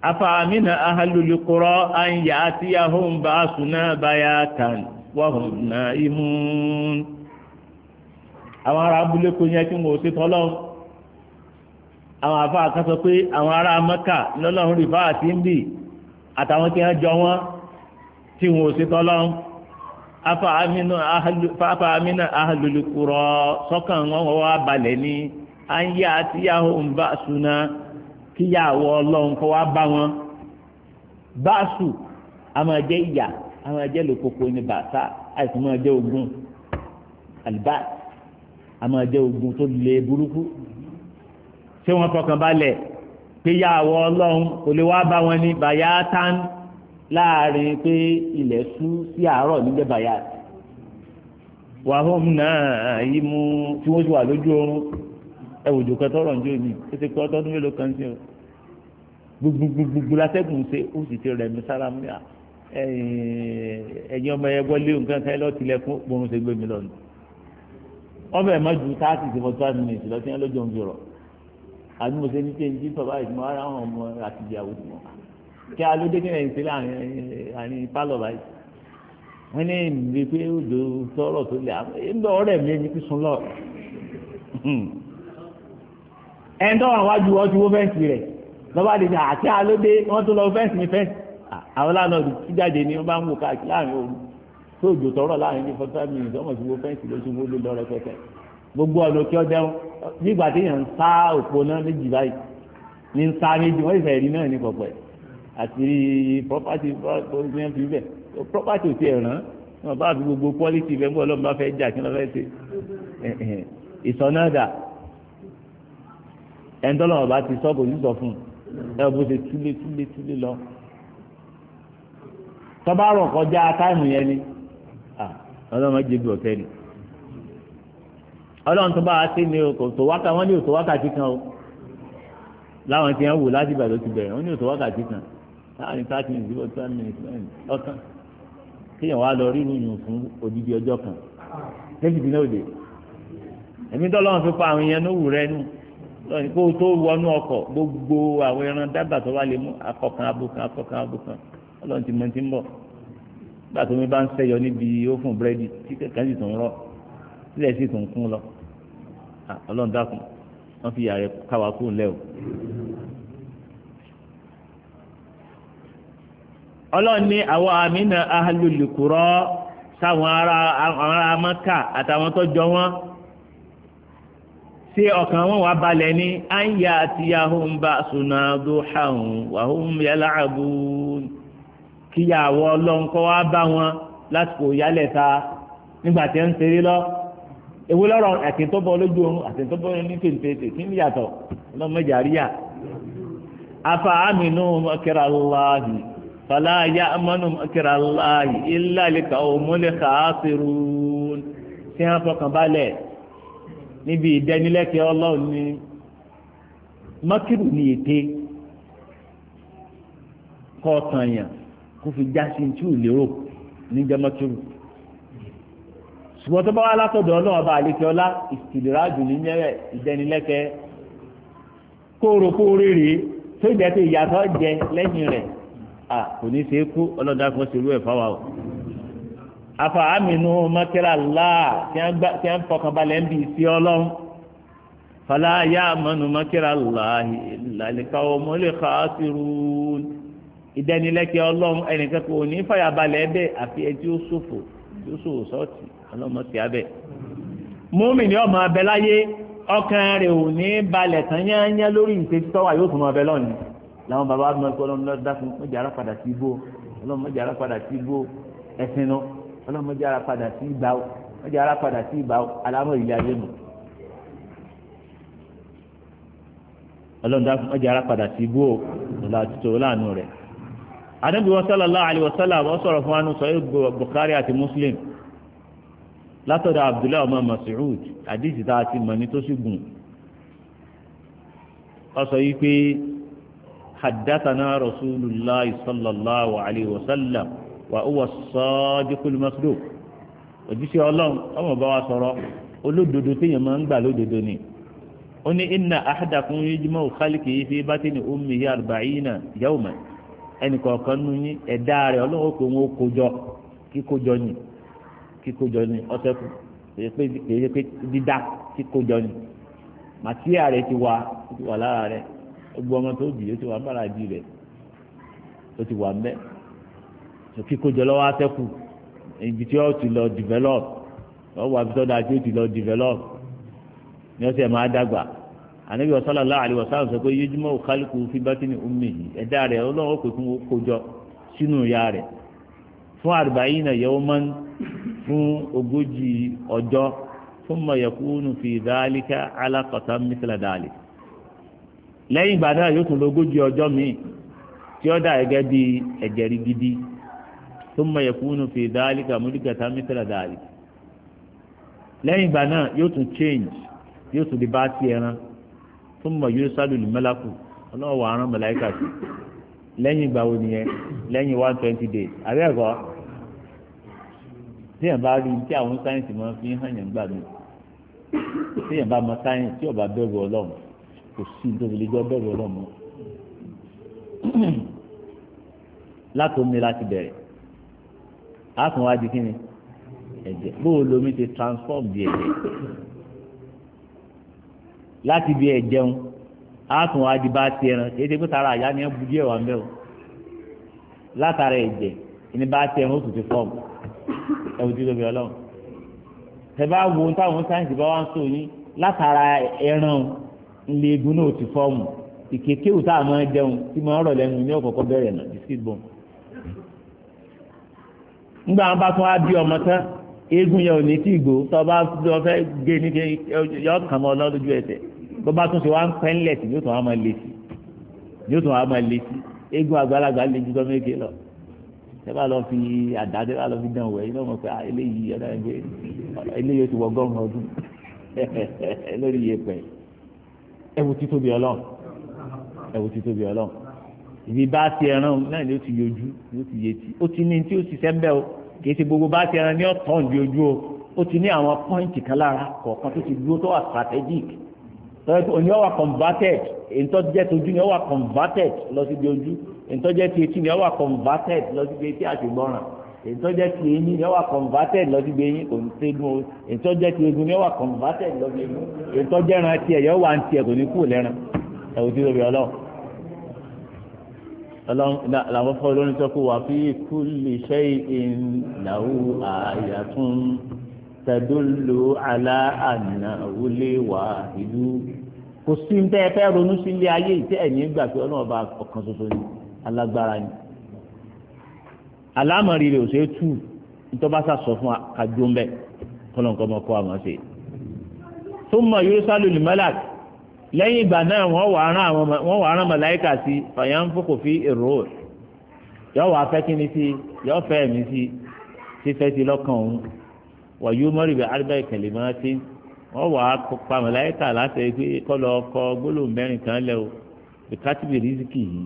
afaamina ahalulu kura an yaati yahun baasuna bayatan wahun naimun. àwọn ará abúlé kò yẹ kí wọn ò tọ́lọ́ àwọn àfáà kan sọ pé àwọn ará Mẹ́kà lọ́lọ́run rìfá àti ń bì àtàwọn tí wọ́n jọ wọ́n tí wọn ò sí tọ́lọ́run afa aminu ahalu fafa aminu ahalulu kurọ sọkàn wọn wọ́n wá balẹ̀ ní à ń ń bá suna kíyàwó ọlọ́run kọ́ wá bá wọn báàsù àmọ́ jẹ́ ìyà àmọ́ jẹ́ lòkòkò ní bàtà àìsàn máa jẹ́ ogun àlùbáà àmọ́ jẹ́ ogun tó le burúkú ṣé wọ́n fọkàn balẹ̀ pé yá àwọ̀ ọlọ́run kò lè wá bá wọn ní bàyá tán láàrin pé ilẹ̀ sú sí àárọ̀ níbẹ̀ bàyá wàhùn náà yìí mú tí wọ́n ti wà lójú oorun ẹwùjò kan tọrọ njó ni ó ti kọ́ tọdún mélòó kan sí o gbogbogbogbo látẹ́gùn ṣe ó sì ti rẹ̀ mí sára mi à ẹ̀yin ọmọ ẹ wọlé nǹkan kan lọ́ọ́ tilẹ̀kùn bọ́run ṣe gbé mi lọ́nu ọbẹ̀ mọ́jú táàtì ti fọ́ twelve minutes lọ́tí ẹ lọ́jọ́ ń bí rọ̀ àbí mo ṣe ní pé ní bàbá ìgbìmọ̀ ara àwọn ọmọ àti ìyàwó ti mọ̀ kí alóde kí ẹ̀yìn sílẹ̀ àárín pálọ̀ báyìí wọ́n ní ìdí pé òjò tọ́rọ̀ tó lẹ̀ ẹ̀ńdọ̀ ọ̀rẹ́ mi ẹni sísun lọ ẹ̀ńdọ̀ ọ̀rọ̀ wájú wọ́n ti wó fẹ́ǹsì rẹ̀ lọ́ba dìde àti alóde wọ́n tún lọ fẹ́ǹsì mi fẹ́ǹsì àwọn lánàá ti jáde ni wọ́n bá ń wò káàkiri láàrin òru tó òjò tọ́rọ̀ láàrin ní fọ́tà mi fẹ́ǹsì lóṣù wó lọ́rẹ́ pẹ́pẹ́ gbogbo ọ̀nà kí ọjọ́ nígbà tí èèyàn ń sá òpó náà méjì báyìí ní ń sá méjì wọ́n ìfẹ́ rí náà ní pọ̀pẹ́ àti property property fi bẹ̀ property ò ti ẹ̀ rán wọn bá fi gbogbo pọ́lítì fẹ́ bọ́ ọlọ́mọba fẹ́ jà kí wọ́n fẹ́ ṣe ìsọ̀nàdà ẹ̀ńtọ́lọ́wọ́ bá ti sọ́ọ̀bù yìí sọ fún un ẹ̀ bó ṣe túlé túlé túlé lọ tọ́ba rọ̀ kọjá táìmù yẹn ni ọlọ́mọ jẹ́bi ọ̀tẹ́ ni ọlọ́run tó bá wa sí ni kò tó wákà wọ́n ní òtò wákàtí kan o láwọn ti ń wò láti ìbàdàn ti bẹ̀rẹ̀ wọ́n ní òtò wákàtí kan láàrin thirty minutes bíbọ̀ twenty minutes ọ̀kan kéèyàn wá lọ rírun yùn fún odidi ọjọ́ kan lẹ́sìtì náà dé ẹ̀mí tó lọ́run fi pa àwọn èèyàn lówù rẹ nù lọ́run kó tó wọnú ọkọ̀ gbogbo àwọn ẹran dábàá tó wá lè mú akọkan abokan akọkan abokan ọlọ́run ti mọ ti ń bọ̀ gbàtọ́ mi bá ń sẹ́yọ níbi ó fún búrẹ́dì tí kẹ̀kẹ́ sì tún rọ̀ sílẹ̀ sì tún kún lọ. Ah, ọlọ́run dákun wọ́n fi yàrá káwa kú ńlẹ̀ o. ọlọ́run ní àwọn àmínà ahàlùlùkùrọ́ sáwọn ará ará mọ́kà àtàwọn tó jọ wọ́n ṣé ọkàn wọn wà balẹ̀ ní àyà àti yahoo ń bá sùnà yàrá àbúrò kíyàwó ọlọ́run kọ́ wá bá wọn lásìkò yálẹ̀ ta nígbà tí ń ṣeré lọ èwo lọ́rọ̀ ẹ̀sìn tó bọ́ lójú oorun ẹ̀sìn tó bọ́ ní tèǹtèǹtè kí ni yàtọ̀ lọ́mọdé àríyá afa aminu makira Allahi fala ya amanu makira Allahi illa lika omole kaasirun tí wọ́n fọkàn balẹ̀ níbi ìdẹ́nilẹ́kẹ́ ọlọ́run ní makiru ní ète kọ́ ọ̀tàn yàn kó fi jásí tí ò lérò níjẹ́ makiru ṣùgbọ́n tó bá wá látọ̀dọ̀ náà ọba àlekè ọlá ìsìdìrájù ní mẹ́rẹ̀ ìdẹnilẹ́kẹ́ kóòrò kóòrè rèé tó jẹ́ pé ìyàtọ̀ jẹ lẹ́yìn rẹ̀ à kò ní ṣe é kú ọlọ́dà kan ṣe irú ẹ̀ fáwa o. afa aminu makira laa kí a ń fọkànbalẹ̀ ń bi sí ọlọ́run fala ya amanu makira laa ìlàlíkà ọmọ lè ka á ọlọ́run ẹnìkan kò ní fàyàbalẹ̀ bẹ́ẹ̀ àfi ẹtí ó ṣòfò yóò sòwò sọ́ọ̀tì ọlọ́mọ sí abẹ́ mọ́mì ni ọmọ abẹ láyé ọkàn rẹ̀ ò ní balẹ̀ tán yányá lórí ìṣètí tọ́wà yóò tún ọbẹ̀ lọ́nìí làwọn bàbá mi kọ́ ọlọ́mọ dákun mọ́jà ara padà sí ibò ọlọ́mọdé ara padà sí ibò ẹ̀sìn nu ọlọ́mọdé ara padà sí ibà ó ọjà ara padà sí ibà ó alámọ̀ ìlú ayé mu ọlọ́mọdé ara padà sí ibò ó ọlọ́mọdé ànábì wa sallallahu alaihi wa sallam wọ́n sọ̀rọ̀ fún anú sọ Bukhari àti Muslim látọ̀dọ̀ Abdullahi ọmọ Mas'ud àdìsí tá a ti mọ̀ ní tó sì gùn ọsọ yìí pé haddathana rasulullah sallallahu alaihi wa sallam wa huwa sadiqul masduq òjíṣẹ́ ọlọ́run ọmọ bá wa sọ̀rọ̀ olódodo téèyàn máa ń gbà lódodo ni ó ní inna ahadakum yujma'u khalqihi fi batni ummihi arba'ina yawman ẹnìkọ̀ọ̀kan nínú yín ẹ̀dá rẹ̀ ọlọ́run ó pè wọn ó kójọ kíkójọ ni kíkójọ ni ọ̀sẹ̀kù èyí pé dídá kíkójọ ni màtíà rẹ̀ ti wà ó ti wà lára rẹ̀ gbogbo ọmọ tó bì ó ti wà bára jì rẹ̀ ó ti wà mẹ́ kíkójọ lọ́wọ́ àtẹ́kù ibi tí ó ti lọ develop ọwọ́ àbítọ́dá tí ó ti lọ develop ni ó sì máa dàgbà anabi sallallahu alaihi wasallam sọ pé yujma'u khalqu fi batni ummihi ẹ̀dá rẹ̀ ọlọ́run pè fún kójọ sínú ìyá rẹ̀ fún arba'ina yawman fún ogójì ọjọ́ thumma yakunu fi dhalika alaqatan mithla dhalika lẹ́yìn ìgbà náà yóò tún lọ ogójì ọjọ́ míì tí ó dà gẹ́gẹ́ bí ẹ̀jẹ̀rí gidi thumma yakunu fi dhalika mudghatan mithla dhalika lẹ́yìn ìgbà náà yóò tún change yóò tún di bá ti ẹran thumma yursalu al-malaku ọlọ́wọ́ wà rán màláíkà sí lẹ́yìn ìgbà wo nìyẹn lẹ́yìn one twenty days àbẹ́ ẹ̀kọ́ tíyẹn bá rí tí àwọn sáyẹ́ǹsì máa fi hàn yẹn gbà mí tíyẹn bá mọ sáyẹ́ǹsì tí ó bá bẹ̀rù ọlọ́run kò sí nítorí lè jọ bẹ̀rù ọlọ́run mọ́ látòmí láti bẹ̀rẹ̀ á tún wá di kí ni ẹ̀jẹ̀ bó o lomi ti transform di ẹ̀jẹ̀ láti bí ẹ jẹun á tún wá di bá ti ẹran èyí ti pé tara àyà ni ẹ bu díẹ̀ wà ń bẹ̀ o látara ẹ̀jẹ̀ ìní bá ti ẹran ó tún ti fọ́ọ̀mù ẹ̀wù tí tóbi ọlọ́run ẹ bá wo táwọn sáyẹ́ǹsì bá wá ń sọ yín látara ẹran ńlẹ̀ egun náà ti fọ́ọ̀mù ìkéké wò tá a máa jẹun tí mo rọ̀ lẹ́nu ní ọ̀kọ̀ọ̀kọ̀ bẹ̀rẹ̀ náà biskit bọ̀. nígbà wọn bá tún wá bí ọmọ tán eégún yẹn ò ní tí ì gbó tó bá fẹ́ gé ní yọ kàn mọ́ lọ́dún ju ẹsẹ̀ tó bá tún ṣe wá ń pẹ́ ńlẹ̀ sí ni ó tún wá máa lé sí ni ó tún wá máa lé sí eégún àgbàlagbà lè ju tọ́ méje lọ tẹ́lá lọ fi àdá tẹ́lá lọ fi dán wẹ̀ iná mọ̀ pé eléyìí ọ̀dà ẹgbẹ́ eléyìí ó ti wọ gọ́ọ̀mù ọdún lórí iye pẹ̀ ẹ̀wù títóbi ọlọ́run ẹ̀wù títóbi ọlọ́run ìbí bá ti ẹran náà ló ti yọjú ló ti yẹtí ó ti ní tí ó ti sẹ́ńbẹ́ o kìí ṣe gbogbo bá ti ẹran ní ọ̀tọ̀ ní ojú o ó ti ní àwọn pọ́ìntì kan lára kọ̀ọ̀kan tó ti dúró tó wà strategic tọ́jú oní ọwà converted ìtọ́jẹ́ tójú ni ọwà converted lọ sí ibi ojú ìtọ́jẹ́ ti etí ni ọwà converted lọ sí ibi etí àtìgbọ́ràn ìtọ́jẹ́ ti eyín ni ọwà converted lọ sí ibi eyín kò ní ségun o ìtọ́jẹ́ ti egun ni ọwà converted lọ sí ibi eyín ìtọ́jẹ́ ran tiẹ̀ yọ wà ń tiẹ̀ kò ní kú lẹ́ran ẹ̀wù tí lóbi ọlọ́ làwọn fọ́ fi kulli shay'in lahu àyà tẹ̀dọ́lù àlá àná òwúlé wà ìlú kò sí ní tẹ́ẹ̀ fẹ́ ronú sí ilé ayé ìtẹ́ ẹ̀yìn gbà pé ọlọ́run ọba ọ̀kan ṣoṣo ni alágbára ni alámọ̀rí rẹ̀ ò ṣe é tù nítorí bá sọ fún àjọ ńbẹ kọ́lọ́nkọ́ ọmọ kọ́ àmọ́ ṣe. tó mọ yorùsálù ní malak lẹ́yìn ìgbà náà wọ́n wàá rán àwọn wọ́n wàá rán màláìkà sí fàyà ń fòkò fi èrò yọ wàá fẹ́ kíni sí yọ fẹ́ ẹ̀mí sí fífẹ́ sí lọ́kàn òun wàyú mọ́rìbẹ̀ àríbá ìkẹlẹ̀ máa ti wọ́n wà á pa màláyíkà láti pé kọ́lọ́ ọkọ gbólóhùn mẹ́rin kan lẹ́ o ìkátìbì rìsíkì yìí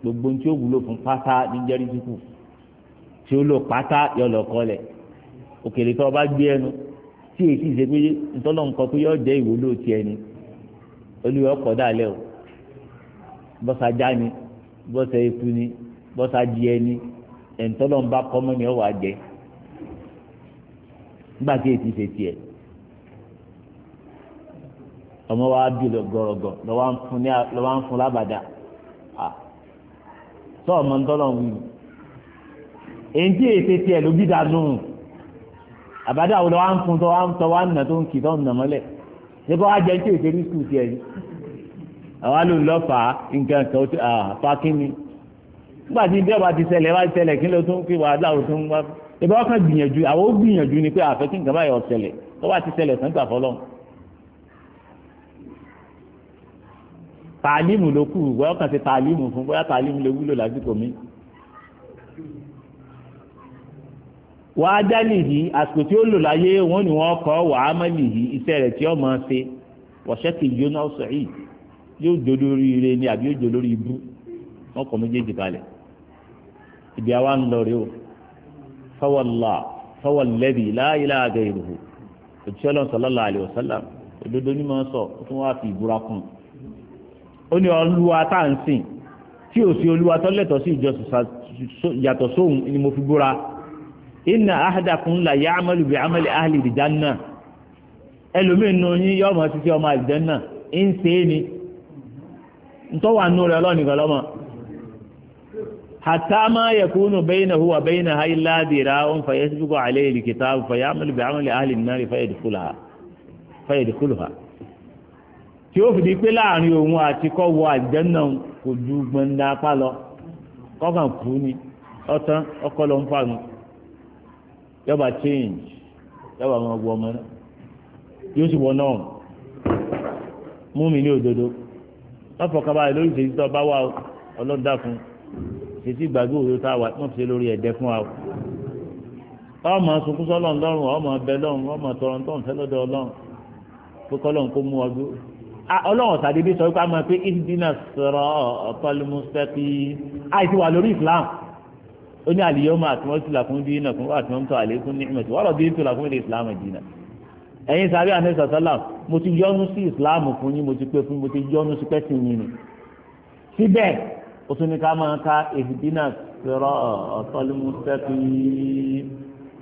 gbogbo tí ó wúlò fún pátá níjẹ́ rìsíkù tí ó lò pátá yọ lọ kọ́lẹ̀ òkèlè tó o bá gbé ẹnu tí èyí sì ṣe pé ntọ́lọ́ nǹkan pé yọ jẹ́ ìwúlò tiẹ̀ ni olùyọ ọkọ̀ dàlẹ́ o bọ́sà já ni bọ́sà eku ni bọ́sà jí ẹni ẹ̀ńtọ́lọ́ ń bá kọ́mọ́ ni ọ wà jẹ́ nígbà tí èsì ṣe tiẹ̀ ọmọ wa bí lọ gọrọgọ lọ́wọ́ ń fún lábàdà sọ ọmọ ń tọ́lọ̀ wí èyí tí èsì tiẹ̀ ló bí dànù àbádà wo lọ́wọ́ ń fún tọ́ wá ń tọ́ wá ń nà tó ń kì tọ́ ń nà mọ́lẹ̀ ṣé kó jẹ́ tí èsì rí sùkúù tiẹ̀ yìí àwa ló ń lọ fà á nǹkan kan fa kí nígbà tí bí ọba ti ṣẹlẹ̀ wá ti ṣẹlẹ̀ kí ló tún kí wàhálà ò tún wá ìbá wọn kàn gbìyànjú àwọn ó gbìyànjú ni pé àfẹ́ kí nǹkan báyọ̀ ṣẹlẹ̀ tó bá ti ṣẹlẹ̀ sàn gbà fọlọ́ tàlímù ló kù wọ́n kàn ṣe tàlímù fún bóyá tàlímù lè wúlò lásìkò mi. wàá dálì yìí àsìkò tí ó lò láyé wọn ni wọn kọ wàá mọ́lì yìí iṣẹ́ rẹ̀ tí ó máa ṣe wọ̀ṣẹ́ kì í jóná sọ̀rọ̀ yóò jó lórí ire ni àbí yóò jó lórí ibú wọn kọ méjèèjì balẹ̀ ìbí àwa ń lọ rèé o. fawalla fawalladhi la ilaha ghayruhu òjíṣẹ́ ọlọ́run sallallahu òdodo ní máa sọ tí fi ìbúra kún ó ní olúwa tá tí ò sí olúwa tó lẹ́tọ̀ọ́ sí ìjọsìn yàtọ̀ sóhun ni mo fi búra inna ahadakum la ya'malu bi 'amali ahli al-janna ẹlòmíín nù yín yọ̀ọ́ títí ọmọ àlìjánná ń ṣe é ni ntọ́wà nù rẹ̀ ọlọ́ọ̀nìkan lọ́mọ hatta ma yakunu bainahu na bainaha illa dira'un fa yasbiqu alayhi alkitab fa ya'malu bi'amali ahli ahalin nar fa ya fa ha tí o fi di pé láàrin òun àti kọ́ wọ kò ju gbọ̀ndà apá lọ kọ́kàn kú ni ọ̀tán ọkọ ló ń yọba change yọba ọmọ ọgbọ ọmọ yóò sì mú mi ní òdodo fọkàn báyìí lórí ìṣèjì tó bá wà ọlọ́dà fún un. ètí ìgbàgbé òwe tá a wà wọ́n fi lórí ẹ̀dẹ́ fún wa o ọmọ sunkún sọ́lọ̀ ńlọ́rùn ọmọ ọbẹ̀ lọ́rùn ọmọ tọrọ tó ń fẹ́ lọ́dọ̀ ọlọ́run pé kọ́lọ́run kó mú ọdún ọlọ́run ọ̀sàdébí sọ wípé a máa pé ìdínà sọ̀rọ̀ ọ̀pọ̀lùmùsẹ́kì àìsí wà lórí Islam ó ní àlìyọ́mọ àtúmọ̀tì làkún bí iná fún àtúmọ̀tò àlékún ní ìmọ̀tì wọ́n rọ̀ bí ètò làkún ilé Islam dínà ẹ̀yin sáré àfẹ́sọ̀ sálà mo ti yọ́nú sí Islam fún yín mo ti pé fún mo ti yọ́nú sí pẹ́sìn yín ni síbẹ̀ ó tún ní ká máa ka ìdínà sọ̀rọ̀ ọ̀tọ́lùmùsẹ́kì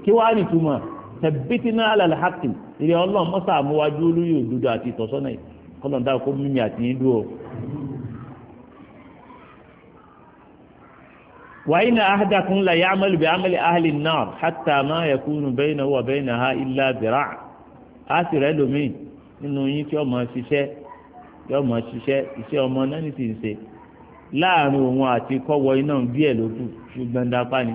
kí wàá nìtumọ̀ tẹ̀bítínà alàlẹ́ hàkì ìrẹ́ ọlọ́run mọ́sà àmúwájú olóyè òdodo àti ìtọ́sọ́nà kọ́lọ̀ ń dáko mímì àti yín dúró. وإن أحدكم لا يعمل بعمل أهل النار حتى ما يكون بينه وبينها إلا ذراع آسر ẹlòmíì nínú yín tí ó ṣiṣẹ́ tí ó ṣiṣẹ́ iṣẹ́ ọmọ náà ní ti ṣe láàrin òun àti kọ́wọ́ iná bí ẹ̀ lókù ṣùgbọ́n dápá ni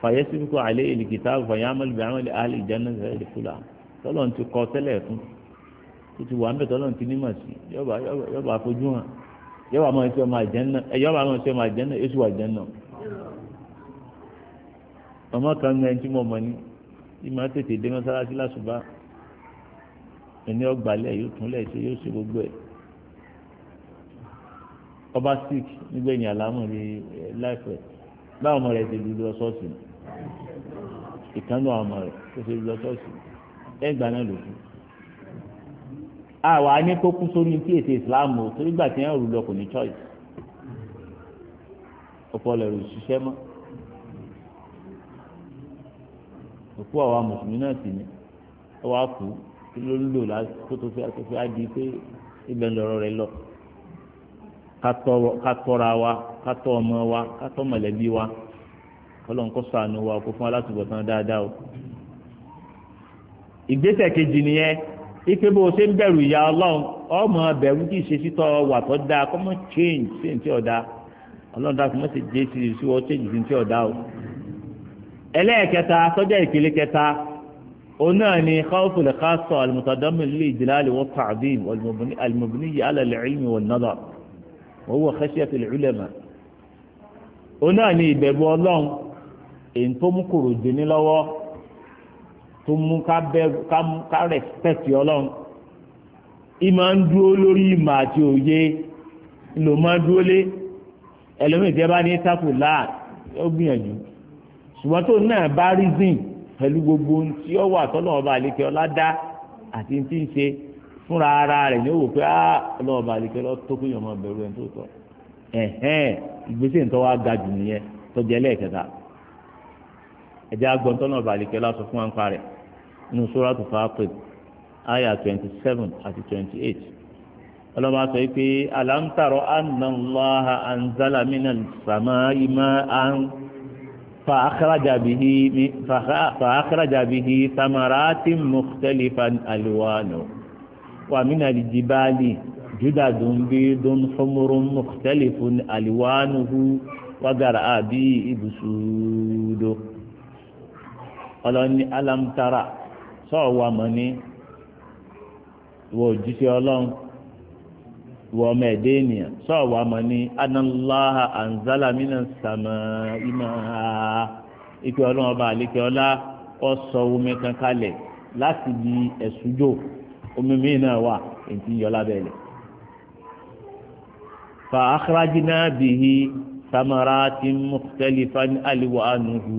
fàyẹ́sìbíkọ àlẹ́ ìlìkìtà fàyàmọ́lì bíi àlẹ́ ìjánu ìfẹ́ fúlà tọ́lọ̀ ti kọ́ tẹ́lẹ̀ fún tó ti wà ń bẹ̀ tọ́lọ̀ ti nímọ̀ sí yọba àfojú hàn yọba àwọn ẹ̀sẹ̀ ọmọ àjẹ́nà yọba àwọn ẹ̀sẹ̀ ọmọ àjẹ́nà èṣù àjẹ́nà ọmọ kan ní ẹni tí mo mọ̀ máa tètè dé mọ́sálásí lásùbá ẹni ọgbàlẹ̀ yóò túnlẹ̀ ṣe yóò ṣe gbogbo ẹ̀ ọba sick nígbẹ̀yìn àlámọ̀rí láìpẹ́ báwọn ọmọ rẹ̀ ti lu lọ sọ́ọ̀sì ìkànnì àwọn ọmọ rẹ̀ tó ṣe lu lọ sọ́ọ̀sì ẹgbà náà ló kú. àwa ní kó sórí tí ètò ìsìláàmù o torí gbà tí wọ́n rú lọ kò ní choice ọpọlọ rẹ̀ òṣìṣẹ́ mọ́ òkú àwa mùsùlùmí náà sì ni ọwọ́ àkú ló ń lò láti kó fẹ́ àti fẹ́ á pé ibẹ̀ ń lọ́rọ̀ rẹ̀ lọ kátọ́ra wa kátọ́ ọmọ wa kátọ́ mọ̀lẹ́bí wa ọlọ́run kó ṣàánú wa kó fún wa láti bọ̀tán dáadáa o. ìgbésẹ̀ kejì nìyẹn ipe bó o ṣe ń bẹ̀rù ìyá ọlọ́run ọmọ bẹ̀rù kì í ṣe sítọ́ wà tó dáa kó mọ̀ change sí ní tí ọ̀dà ọlọ́run dáa kó mọ̀ sí jẹ́ sí sí change sí ní tí ọ̀dà o. ẹlẹ́ẹ̀kẹta sọ́jà ìpele kẹta òun náà ni khawfu lè lè jìlá lè wọ́wọ́ kẹ́síẹ́ tẹ̀lé ìlẹ̀mọ̀ ó náà ní ìbẹ̀rù ọlọ́run èyí tó mú kòrò dèní lọ́wọ́ tó mú ká bẹ̀rù ká rẹ̀spẹ̀tì ọlọ́run ìmọ̀ ń dúró lórí ìmọ̀ àti òye ló máa dúró lé ẹlòmíì tí ẹ bá ní sáfù láà ó gbìyànjú ṣùgbọ́n tó náà bá rí zin pẹ̀lú gbogbo ohun tí ó wà tọ́lọ́wọ́ àlékè ọlá dá àti ti ń ṣe fúnra ara rẹ̀ ní òwò pé á lọ́wọ́ balùwẹ̀ lọ́ tó kéèyàn máa bẹ̀rù ẹni tó tọ̀ ẹ̀hẹ́n ìgbésẹ̀ ń tọ́ wá ga jù nìyẹn tó jẹ́ lẹ́ẹ̀kẹta ẹ̀jẹ̀ agbọ̀ntọ́ náà balùwẹ̀ lásọ fún àǹpa rẹ̀ nínú sóràtù Fatir àyà twenty seven àti twenty eight ọlọ́mọ sọ pé alam tara anna Allaha anzala minas samaa'i ma'an فأخرج به فأخرج به ثمرات مختلفا ألوانه ومن الجبال جدد بيض حمر مختلف ألوانه وغرابي بسود ọlọ́ni alamtara sọ̀wọ́ àmọ́ ní ìwọ òjíṣẹ́ ọlọ́run ìwọ ọmọ ẹ̀dẹ́ ènìyàn sọ̀wọ́ àmọ́ ní análáha anzala mina sàmà ìmọ̀ ìpè ọlọ́run ọba àlékè ọlá ọ̀sọ̀ omi kan kalẹ̀ láti di ẹ̀sùjò. E omi míì náà wà èyí tí ń yọ lábẹ́ ilẹ̀. fa akhrajna bihi samaratin mukhtalifan alwanuhu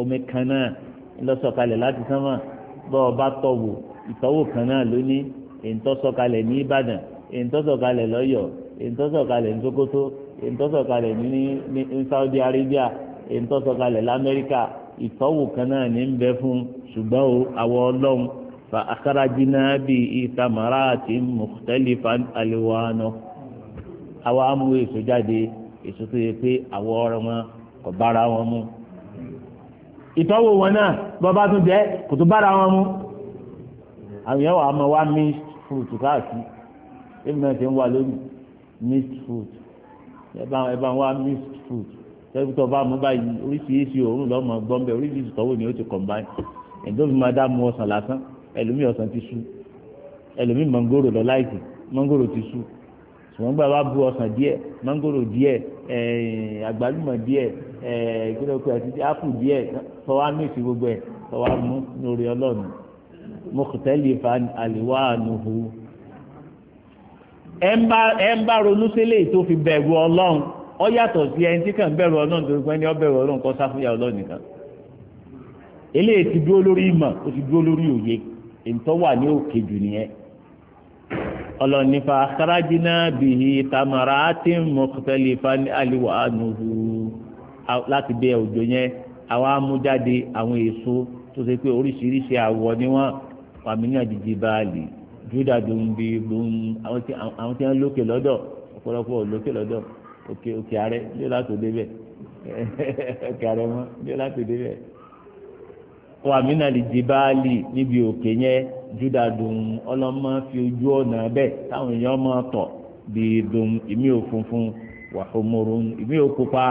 omi kan náà lọ́sọ̀kalẹ̀ láti sánmà bọ́ọ̀ bá tọ̀wò ìtọ́wò kan náà lóní èyí ní ìbàdàn èyí tó sọ̀kalẹ̀ ní sokoto èyí ní saudi arabia èyí lamẹ́ríkà ìtọ́wò kan náà ní ń bẹ fún ṣùgbọ́n o àwọ̀ ọlọ́run fa akhrajna bihi thamaratin mukhtalifan alwanuhu àwa amú èso jáde èso tó yẹ pé àwọ̀ ọ̀rọ̀ wọn kò bára wọn mu ìtọ́wò wọn náà bọ́bá tún jẹ́ kò tó bára wọn mu àwọn yẹn wà á mọ wá mí fruit káàkiri èmi náà ti ń wà lónìí mixed fruit ẹ̀bá ẹ̀bá wa mixed fruit tẹ́lifítọ́ bá mú báyìí oríṣiríṣi òórùn lọ́mọ gbọ́n bẹ́ẹ̀ oríṣiríṣi tọ́wọ́ ni ó ti combine ẹ̀dọ́ fi máa dá mu ọsàn lásán ẹlòmíì ọ̀sán ti sú ẹlòmíì mangoro lọ láìsí mangoro ti sú ṣùgbọ́n gbà wá bu ọ̀sán díẹ̀ mangoro díẹ̀ àgbálùmọ̀ díẹ̀ àti díẹ̀ tọ́wá mìsì gbogbo ẹ̀ tọ́wá mú lórí ọlọ́run mọ̀kùtẹ́lì ẹ ń bá ọ yàtọ̀ sí ẹni tí kàn bẹ̀rù ọlọ́run torí pé ní ọ bẹ̀rù ọlọ́run kọ́ sáfúyà ọlọ́run ti dúró lórí ìmọ̀ ó ti dúró lórí òye ntọ́ wà ní òkè jù nìyẹn ọlọ́nìfà kárájínà bìhí tamara tí mọ̀kútẹ́lẹ̀ fani aliwa nùhù láti bẹ òjò yẹn àwọn amújáde àwọn èso tó ṣe pé oríṣiríṣi àwọ̀ ni wọ́n wàmínà jìjì báàlì júdà dùnbí gbòm àwọn tí wọ́n lókè lọ́dọ̀ ọ̀pọ̀lọpọ̀ lókè lọ́dọ̀ òkè òkè ààrẹ ní láti òde bẹ́ẹ̀ òkè ààrẹ mọ́ ní láti òde bẹ́ẹ̀. wa mina lè di báàlì níbi òkè yẹn júdàdùn ọlọ́mọ fi ojú ọ̀nà bẹ́ẹ̀ táwọn èèyàn máa tọ̀ bìdùn ìmí òfunfun wàhùmùrùn ìmí òpupa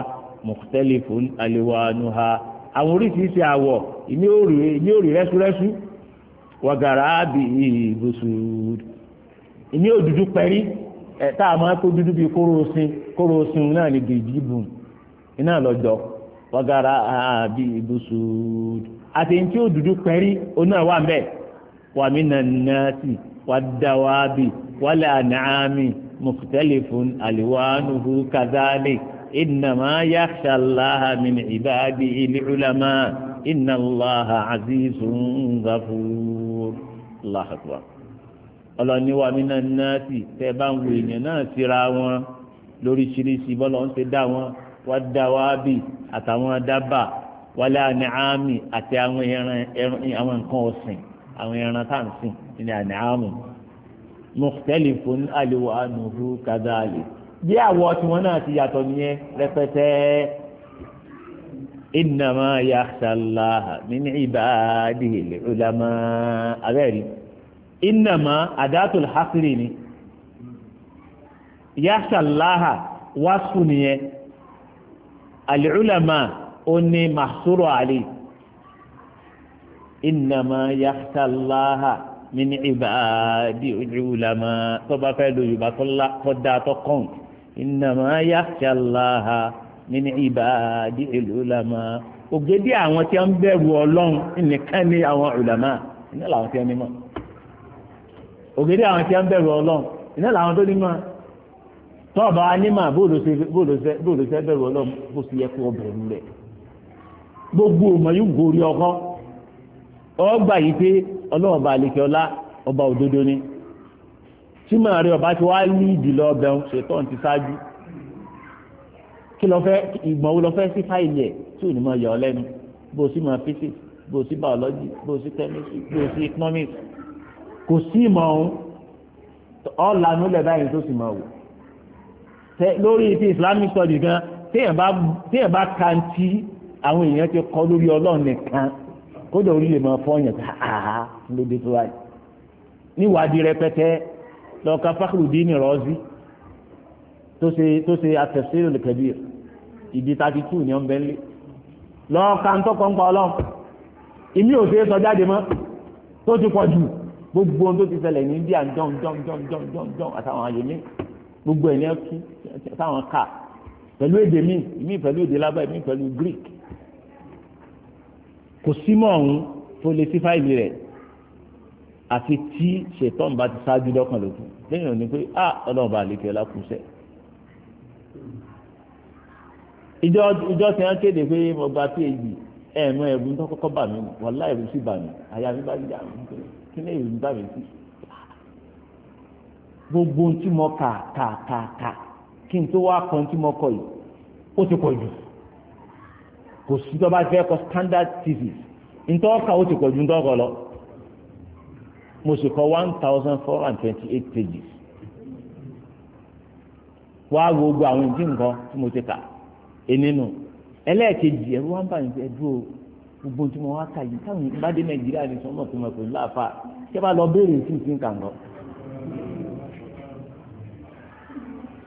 mùkútẹ́lifùn àlewàánuha àwọn oríṣiríṣi àwọ̀ ìmí òrì rẹ́súrẹ́sú wàgàrà bí ìbùsùn ìmí òdúdú pẹ́rí tá a máa kó dúdú bíi kóró kóró náà ni bùn iná lọ́jọ́ wàgàrà àti ní tí ó dúdú pẹ́rí oná wà ń bẹ̀ wà mí nà nàásì wà dáwàbì wàlẹ̀ ànáàmì mukhtalifun alwanuhu kadhalik innama yakhsha Allaha min ibadihi al-ulama inna Allaha azizun ghafur Allahu akbar ọlọ́ni wà mí nà nàásì tẹ́ bá ń wo èèyàn náà síra wọn lóríṣiríṣi bọ́lá ń ṣe dá wọn wà dáwàbì àtàwọn dábàá wálé àníámì àti àwọn ẹran nǹkan ọ̀sìn àwọn ẹran tá à ń sìn ní àníámì mukhtalifun alwanuhu kadhalik bí àwọ̀ tiwọn náà ti yàtọ̀ nìyẹn rẹpẹtẹ innama yakhsha Allaha min ibadihil ulama abẹ́rẹ́ innama adatul hasri ni yakhsha Allaha wàásù nìyẹn al ó ní mahsuru ali innama yahtallaha min ibadi ulama tó bá fẹ́ lo yorùbá tó dáa tó kàn innama yahtallaha min ibadi ulama ògèdè àwọn tí wọ́n bẹ̀rù ọlọ́run nìkan ní àwọn ulama iná làwọn tí wọ́n ní mọ̀ ògèdè àwọn tí wọ́n bẹ̀rù ọlọ́run iná làwọn tó ní mọ̀ tọ́ọ̀bà anímọ̀ bóòlù sẹ́ bẹ̀rù ọlọ́run bó sì yẹ kó bẹ̀rù rẹ̀ gbogbo ọmọ yóò gorí ọkọ ọgbà yìí pé ọlọ́ọ̀bà àlekè ọlá ọba òdodo ni tí màá rí ọba tí wàá ní ìdìlọ ọbẹ̀ ń ṣètò ti ṣáájú kí lọ fẹ́ ìgbọ̀n wo lọ fẹ́ sí fáìlì ẹ̀ tí ò ní máa yọ ọ lẹ́nu bó o sì máa physics bó o sì biology bó o sì chemistry bó o sì economics kò sí ìmọ̀ ọ̀hún ọ̀làánú lẹ̀ báyìí tó sì máa wò lórí ti islamic studies gan téèyàn bá kàǹtì àwọn èèyàn ti kọ́ lórí ọlọ́run nìkan kódà orí lè máa fọyàn ká àhá lóde tó wáyé níwádìí rẹpẹtẹ lọ́ka Fakhruddin Razi tó ṣe tó ṣe at-Tafsir ìdí thirty two ni ọ̀n bẹ́ẹ̀ lé lọ́ka ń tọ́kọ̀ ń pa ọlọ́run ìmí ò ṣe é sọ jáde mọ́ tó ti pọ̀ jù gbogbo ohun tó ti ṣẹlẹ̀ ní India jọ̀n jọ̀n jọ̀n jọ̀n jọ̀n jọ̀n àtàwọn àyèmí gbogbo ẹ̀ ní ẹ̀ àtàwọn ká pẹ̀lú èdè míì míì pẹ̀lú èdè lábẹ́ míì pẹ̀lú Greek kò símọ̀ ọ̀hún tó lè sí fáìlì rẹ̀ àfi tí ṣètọ́n bá ti ṣáájú lọ́kàn lókun lẹ́yìn òní pé a ah, ọlọ́run bá lè kẹ́lá kù sẹ́. ìjọ ìjọ ti hàn kéde pé mo gba phd ẹ̀ẹ̀mọ ẹ̀bùn tó kọ́kọ́ bà mí wàhálà ẹ̀bùn sì bà mí àyà mi bá yà mí kí ni ẹ̀bùn bà mí sí. gbogbo ohun tí mo kà kà kà kà kí n tó wá kan tí mo kọ yìí ó ti pọ̀ jù kò sí tó bá fẹ́ kọ standard thesis ntọ́ka ó ti pọ̀ ju ntọ́kọ lọ mo sì kọ one thousand four and twenty eight pages wàá wo gbogbo àwọn ìdí nǹkan tí mo ti kà ẹnìnú ẹlẹ́ẹ̀kejì ẹ̀rú wọn bá yín ẹ̀dúró gbogbo tí mo wá kà yìí táwọn ìbá dé nàìjíríà ní sọmọ tí mo pè láàfà tí a bá lọ béèrè sí ìsìn kàǹgọ.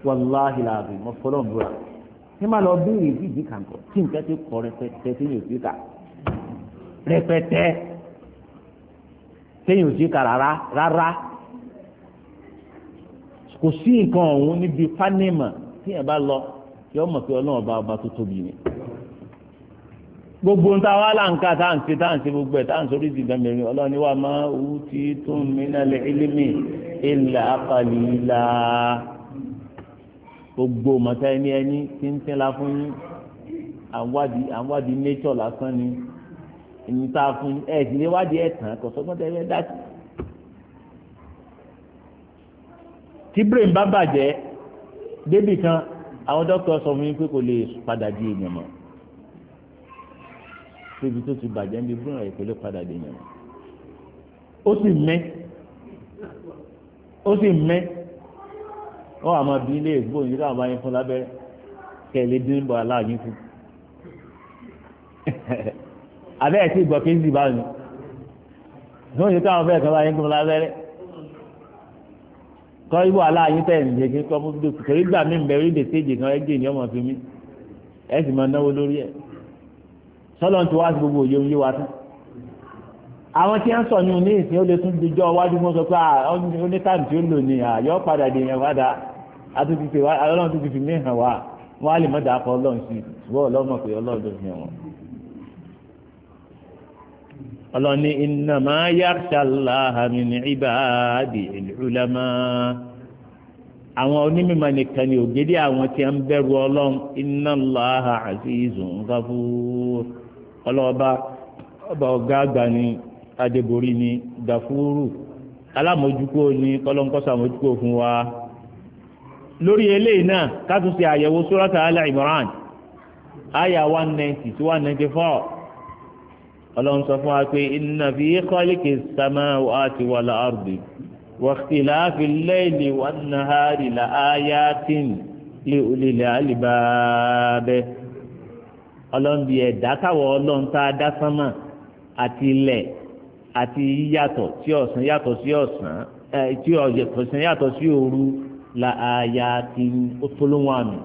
wàláhìláàbì mo fọlọ́ ń búra ní máa lọ béèrè ìdíje kàǹtọ̀ tí nǹkan ti kọ rẹpẹtẹ sẹ́yìn òsì kà rẹpẹtẹ sẹ́yìn òsì kà rárá rárá kò sí nǹkan ọ̀hún níbi fánìmà tí ẹ̀ bá lọ kí ọmọ pé ọlọ́run ọba ọba tó tóbi ni gbogbo ń ta wá láǹkà tá à ń ṣe tá à ń ṣe gbogbo ẹ̀ tá à ń sórí ìdìgbà mẹ́rin ọlọ́run ni wà máa wú tí tó mí náà ilé mi ìlà àkàlì ìlà gbogbo mọ̀tá ẹni ẹni tí ń tẹ́lá fún yín àwádìí àwádìí nature lásán ni ẹni tá a fún yín ẹ̀ sì lè wádìí ẹ̀ tán kò sọ́gbọ́n tẹ́lẹ̀ dá sí. tí brain bá bàjẹ́ débì kan àwọn dókítà sọ fún yín pé kò lè padà di èèyàn mọ́ tóbi tó ti bàjẹ́ níbi brain rẹ̀ kò lè padà di èèyàn mọ́ ó sì mẹ́ ó sì mẹ́ wọ́n àmọ́ bí ilé ìgbò yìí láwọn báyìí fún lábẹ́rẹ́ kẹ̀lé dín bọ̀ aláàyín fún abẹ́ ẹ̀ tí gbọ́ kí n sì báyìí lóun yìí káwọn fẹ́ẹ̀ kan báyìí fún lábẹ́rẹ́ kọ́ ibò aláàyín tẹ̀ ń jẹ́ kí kọ́ mú dókè torí gbà mí bẹ̀rẹ̀ ìdè séjì kan ẹ̀ gèèyàn mọ̀ fi mí ẹ̀ sì máa náwó lórí ẹ̀ sọ́lọ́ ti wá sí gbogbo òye oyé wa tán àwọn tí ń sọ ní òní ìsìn ó lè tún dijọ́ wájú mọ́ sọ pé oníkàǹtì ah, ó lò ní àyọ́ padà dèèyàn padà àtúntìtì wa ọlọ́run tó ti fi mí hàn wá wọ́n á lè mọ̀ dàpọ̀ ọlọ́run sí ṣùgbọ́n ọlọ́run mọ̀ pé ọlọ́run tó fi hàn wọ́n. ọlọ́run ní innama yakhsha Allaha min ibadihil ulama àwọn onímọ̀ nìkan ni ògidì àwọn tí ń bẹ̀rù ọlọ́run inna Allaha azizun ghafur ọlọ́ọ̀bá ọba ọ̀gá àgbà ni adébórí ni gàfúrú alámójúkó ni kọ́lọ́ńkọ́sọ àmójúkó fún wa lórí eléyìí náà ká tún ṣe àyẹ̀wò sóràtà alẹ́ Imran àyà one ninety to one ninety four ọlọ́run sọ fún wa pé inna fi khalqi samawati wal ardi wa ikhtilafi al-layli wan nahari la ayatin li ulil albab ọlọ́run bíi ẹ̀dá táwọn ọlọ́run tá a dá sánmà àti ilẹ̀ àti yíyàtọ̀ sí ọ̀sán yàtọ̀ sí ọ̀sán tí ọ̀sán yàtọ̀ sí òru la ayatin ó tó lóhùn àmì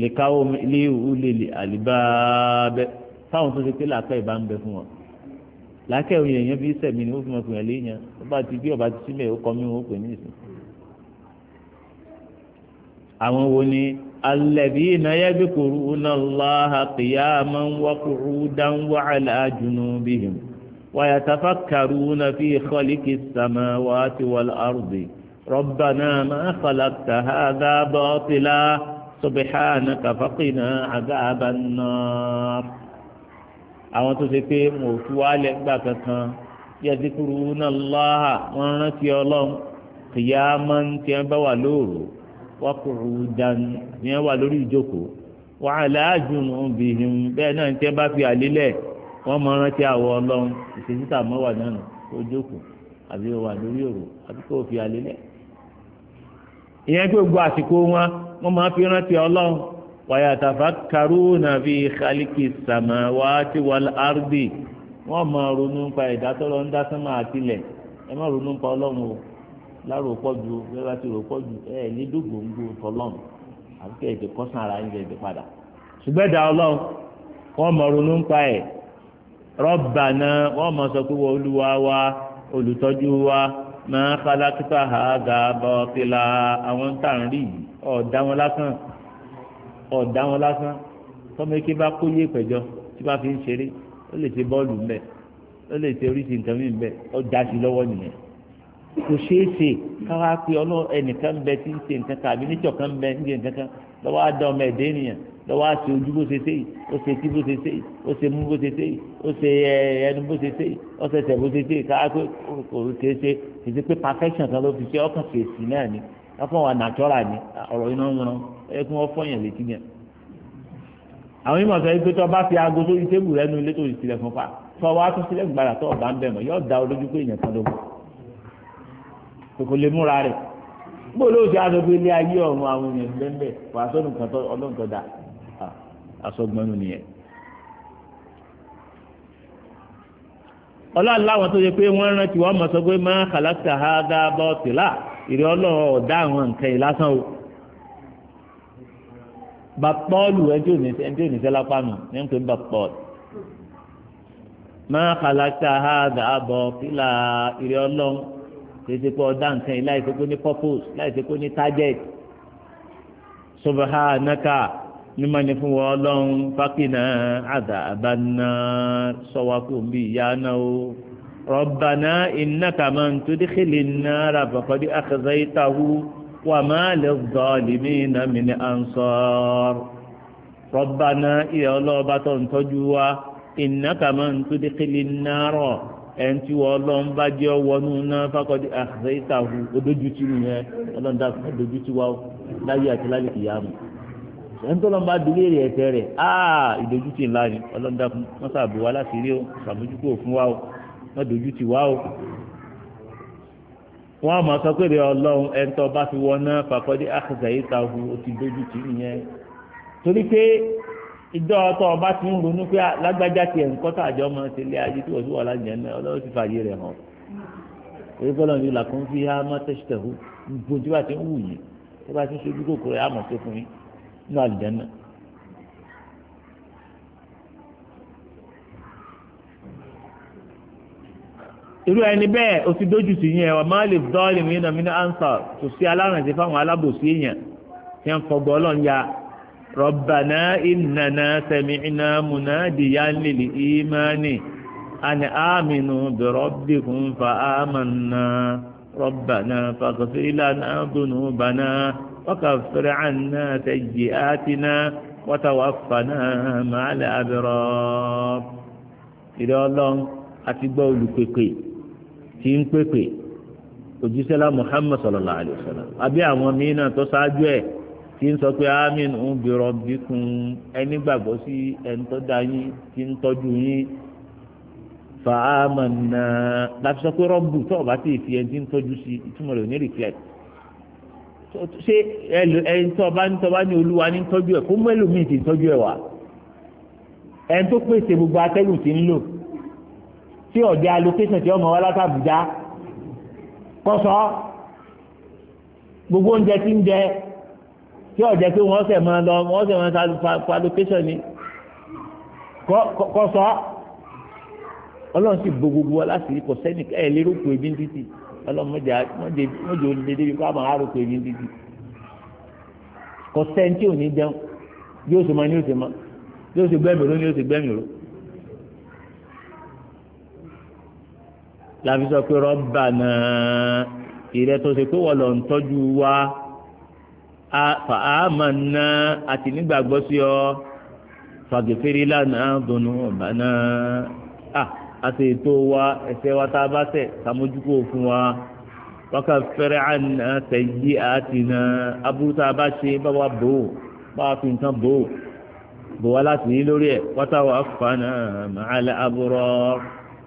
lè káwọ́ ilé ìwúlé àlìbáàbẹ́ táwọn tó ṣe pé làákà ìbá ń bẹ fún wọn làákà ìròyìn èèyàn fi sẹ̀mí ni ó fi mọ̀ pé ẹ̀lẹ́ yẹn ọba ti bí ọba ti sílẹ̀ ó kọ́ mí wọn ó pè ní ìsìn. àwọn wo ni alẹ́bí náyẹ́ bí kò rú láha kìyà máa ń wá kó rú dáńwá àlàájúnú bíhìm wàyàtàfà kàrú náà fi ìkọlì kìsàmáwá ti wà lárùbí. ربنا ما خلقت هذا باطلا سبحانك فقنا عذاب النار àwọn tó ṣe pé mo fi wálẹ̀ gbà kankan yadhkuruna Allaha wọn rántí ọlọ́run qiyaman tí wọ́n bá wà lóòrò wa qu'udan tí wọ́n wà lórí ìjókòó wa ala junubihim bẹ́ẹ̀ náà tí bá fi àlélẹ̀ wọ́n mọ rántí àwọ̀ ọlọ́run ìṣèjútà mọ́wà náà ojókòó àbí wà lórí òrò àbí kò fi àlélẹ̀. ìyẹn pé gbogbo àsìkò wọn máa fi rántí ọlọ́run wàyàtàfà karuna fi kálíkì sàmà á tí wà árdì wọ́n máa ronú nípa ẹ̀dá ń dá sánmà àtìlẹ̀ ẹ o lárò pọ̀jù ti rò ẹ ní àti ètò kọ́sán ara ń jẹ́ padà ṣùgbẹ́dà ronú wa olùtọ́jú máa kálákítà ha gà bọ́tìlá àwọn tá à ń rí yìí ọ̀dá wọn lásán ọ̀dá wọn lásán tọ́mẹ́kẹ́ bá kó yé pẹ̀jọ tí bá fi ń ṣeré ó lè ṣe bọ́ọ̀lù ńbẹ ó lè ṣe oríṣi nǹkan mí ńbẹ ọjà sí lọ́wọ́ nìyẹn kò ṣeé ṣe káwá pé ọlọ́ ẹnìkan bẹ tí ń ṣe nǹkan kan àbí níṣọ̀ kan bẹ ń ṣe nǹkan kan lọ́wọ́ á dá ọmọ ẹ̀dẹ́ nìyẹn lọ́wọ́ àti ojú bó ṣe ṣe yìí ó ṣe tí bó ṣe ṣe yìí ó ṣe mú bó ṣe ṣe yìí ó ṣe ẹnu bó ṣe ṣe yìí ó ṣe ṣẹ̀ bó ṣe ṣe yìí káwá pé kò ṣe ṣe kì í ṣe pé perfection kan ló fi ṣe ọkàn fèsì náà ni ọkàn wà natural ni ọ̀rọ̀ iná ń ran ẹ kí wọ́n fọyín létí yẹn. àwọn yìí mọ̀ sọ pé tó bá fi aago sórí tébù rẹ nu ilé tó ti tilẹ̀ fún fa tó wá tó sílẹ̀ gbàrà tó ọ̀bá ń bẹ̀ mọ̀ yóò da olójú pé èèyàn kan Ah, asọ́gbọ́nù nìyẹn. ọlọ́run láwọn tó yẹ pé wọ́n rántí wọ́n mọ̀ sọ pé má kàlákítà ha dá bọ́ọ̀tìlá ìrẹ́ ọlọ́run ọ̀dá àwọn nǹkan yìí lásán o. bàpọ́ọ̀lù ẹjọ́ òníṣẹ́ lápánu ní ń pè ń bàpọ́ọ̀lù. má kàlákítà ha dá bọ́ọ̀tìlá ìrẹ́ ọlọ́run kèsì pé ọ̀dá nǹkan yìí láì ṣe kó ní purpose láì ṣe kó ní target subhanaka ní ma ní fún wọn ọlọ́run fákínà àdá àbáná sọ́wákò ń bí ìyá náà o rọ̀bàná iná kàmá ń tó dékèlè náà rà bàkọ́dé àkàzá ìtàwù wà má lè zọ́ọ̀lì mí iná mi ní ansọ́r rọ̀bàná ìyá ọlọ́ọ̀bá tó ń tọ́jú wa iná kàmá ń tó dékèlè náà rọ̀ ẹni tí wọ́n ọlọ́run bá jẹ́ wọnú náà fákọ́dé àkàzá ìtàwù odójútì nìyẹn ọlọ́run dàgbà odójútì wa láyé àti láyé kìyàmù ẹnitọ́lọ́n bá dilé rẹ̀ ẹ̀tẹ́ rẹ̀ áà ìdójútì ńlá ni ọlọ́dàkùn wọ́n sàbò wa láti rí o sàmójúkò fún wa o wọ́n dójútì wa o. wọ́n á máa sọ pé rẹ̀ ọlọ́run ẹnitọ́ bá fi wọ́n náà fàkọ́dé àkàtà yìí ta hu o ti dójútì nìyẹn. torí pé ìjọ ọtọ ọba ti ń ronú pé lágbájá tiẹ̀ ń kọ́tà àjọ ọmọ tẹ̀lé ayé tí wọ́n sì wà lájẹ̀ náà ọlọ́run ti fàyè rẹ̀ hàn. èyí bọ́lá mi làkún fi há mọ́tẹ́sítẹ̀ hù gbogbo tí wàá ti ń wù yìí tí wàá ní àlùjẹ́nà. irú ẹni bẹ́ẹ̀ o ti dójú sí yẹn wà máa lè dọ́ọ̀lì mí náà mí ní ansa kò sí alárànṣẹ́ fáwọn alábòsí èèyàn tí wọ́n fọgbọ́ ọlọ́run ya rọ̀bànà ìnànà sẹ̀mí iná múná dìyà nílì ìmánì àni àmínú bẹ̀rọ̀ bìkún fa àmàna. ربنا فاغفر لنا ذنوبنا وكفر عنا سيئاتنا وتوفنا مع الأبرار إلى الله أتبع لكيكي تين كيكي òjísẹ́lá muhammed sallallahu alayhi wa sallam àbí àwọn míín náà tó ṣáájú ẹ̀ tí ń sọ pé amin ń bi rabbikum ẹni gbàgbọ́ sí ẹni tó dá yín tí ń tọ́jú yín fàámà náà láti sọ pé rọ́bù tó o bá ti fi ẹni tí ń tọ́jú sí ìtumọ̀ rẹ̀ ò ní reflect ṣé ẹni tó o bá ní tó o bá ní olúwa ní tọ́jú ẹ̀ kó mú ẹlòmíì ti tọ́jú ẹ̀ wá ẹni tó pèsè gbogbo atẹ́gùn ti ń lò tí ọ̀dẹ́ allocation tí ọmọ wa látàbújá kọ́sọ́ gbogbo oúnjẹ tí ń jẹ tí ọ̀dẹ́ pé wọ́n sẹ̀ máa lọ wọ́n sẹ̀ máa ta allocation ni kọ́sọ́ ọlọ́run sì bo gbogbo wa láti rí kò sẹ́ni ẹ̀ lérò pé ebi ń títì ọlọ́run mọ̀jẹ̀ olùdé débi kó a máa rò pé ebi ń títì kò sẹ́ni tí ò ní jẹun bí ó sì máa ní ó sì máa bí ó sì gbẹ́mìí ró ní ó sì gbẹ́mìí ró. láfi sọ pé rọ́bà náà ìrẹ́ tó ṣe pé wọ́n lọ ń tọ́jú wa fàámà náà àti nígbàgbọ́ sí ọ fàgẹ́fẹ́rẹ́ lánàá dùnú ọ̀bà náà àti ètò wa ẹ̀ṣẹ̀ wa tá a bá ṣẹ̀ sàmójúkò fún wa wákà fẹ́rẹ́ àná tẹ̀yí àti nà aburú tá a bá ṣe bá wa bò ó bá wa fi nǹkan bò ó bò wá láti yí lórí ẹ̀ wọ́tá wa fana màálà aburọ̀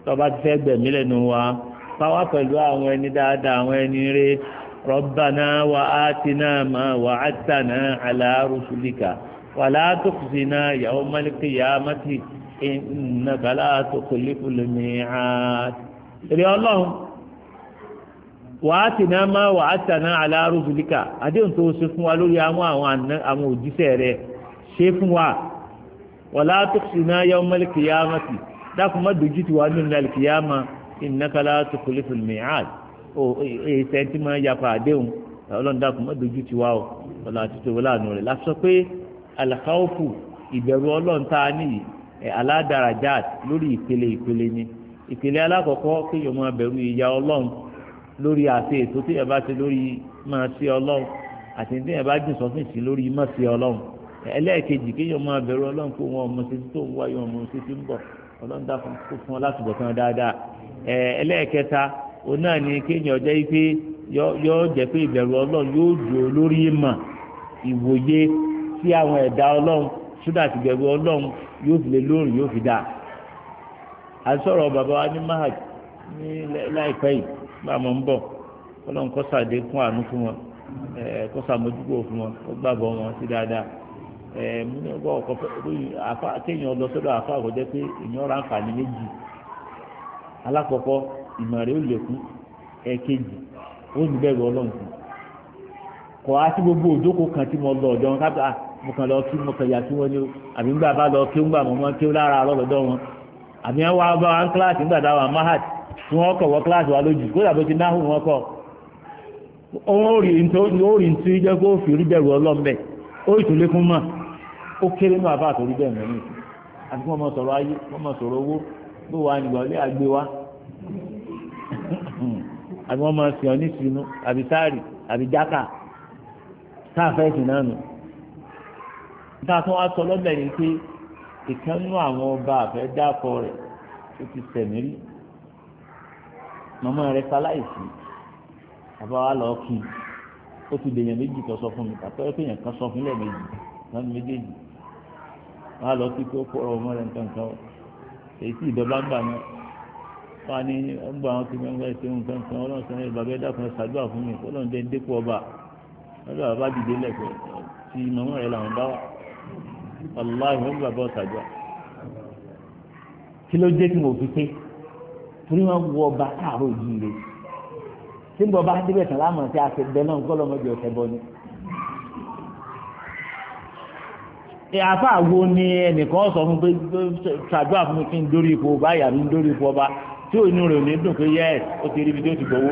tó bá ti fẹ́ gbẹ̀mí lẹ́nu wa fáwa pẹ̀lú àwọn ẹni dáadáa àwọn ẹni rere rọ́bànà wà á tinà mà wà á tànà àlà rúṣùlìkà wà látòkùsì náà yawmal qiyamati ìnàbàlá àtòkòlífù lèmìíràn èrè ọlọ́run wàá tìǹà máa wàá tànà àlárùbílíkà àdéhùn tó ṣe fún wa lórí àwọn àwọn òjíṣẹ́ rẹ̀ ṣe fún wa wàlá tó ṣìnà yọ mọ́lìkìyàmá sí dákun má dojú e, e, ti wà nínú àlìkìyàmá ìnàkàlá àtòkòlífù lèmìíràn èsẹ̀ tí máa yapa àdéhùn ọlọ́run dákun má dojú ti wà ó wàlá àtúntò wọlé àánú rẹ̀ lásọ pé àlàkáwọ́fù ìbẹ̀rù ọlọ́run tá a níyì aládàrájà lórí ìpele ìpele ni ìpele alákọ̀ọ́kọ́ kéèyàn máa bẹ̀rù ìyá ọlọ́run lórí àti ètò tí yẹn bá ṣe lórí máa ṣe ọlọ́run àti tí yẹn bá jù sọ́fìn sí lórí má ṣe ọlọ́run ẹlẹ́ẹ̀kejì kéèyàn máa bẹ̀rù ọlọ́run kó wọn ọmọ títí tó ń wáyé ọmọ títí ń bọ̀ ọlọ́run dá kó fún sódà ti bẹ̀rù ọlọ́run yóò fi lè lóòrùn yóò fi dáa bàbá wa ní mahad ní láìpẹ́ yìí bá a mọ̀ ń bọ̀ ọlọ́run kó ṣàdékún àánú fún wọn kó fún wọn gbàgbọ́ wọn sí dáadáa mú ní afa kéèyàn lọ afa pé èèyàn ra méjì alákọ̀ọ́kọ́ ó mo kàn lọ kí mo yà kí wọ́n ní o àbí bá lọ kí kí ó lára wọn àbí wọn wá bá wọn kíláàsì dá wọn mahad tí wọn kọ̀ wọ́n kíláàsì wa lójú kó dàbí ti náhùn wọn kọ̀ òun ó ntú jẹ́ kó fi rí bẹ̀rù ọlọ́mbẹ̀ ó ó kéré ní ayé owó bó ọlẹ́ àgbé wa àbí nígbà tó wá sọ lọ́bẹ̀ ni pé ìkànnú àwọn ọba àfẹ́ dákọ rẹ̀ ó ti sẹ̀mí rí màmá rẹ̀ sáláìsì bàbá wa lọ kí ó ti dèèyàn méjì tó sọ fún mi kàtó ẹ péyàn kan sọ fún ilẹ̀ méjì lọ́nà méjèèjì wọ́n á lọ sí pé ó kó ọmọ rẹ̀ nǹkan kan èyí tí ìdọ́gba ń bà mọ́ wọ́n ní ọgbà àwọn tí wọ́n gbà ṣe nǹkan kan ọlọ́run sọ ní bàbá ẹ̀dá kan ṣàdúrà fún mi ọlọ́run dé dépò ọba ọlọ́run bàbá dìde lẹ́kọ̀ọ́ tí màmá rẹ̀ làwọn bá wà aláì wọn bàbá ọ̀sàjọ́ kí ló dé tí mo fi pé torí wọn wọ ọba káàró yìí rè tí n bọ̀ bá débẹ̀ tán láàmú àti àtẹ̀gbẹ́ náà gọ́lọ́mọdé ọ̀sẹ̀ bọ́ ni. àfa àwo ni ẹnìkan sọ fún pé ṣàdúrà fún mi kí n dórí ipò báyà mi ń dórí ipò ọba tí òun rẹ̀ ò ní dùn pé yẹ́ ẹ̀ ó ti rí tí ó ti gbowó.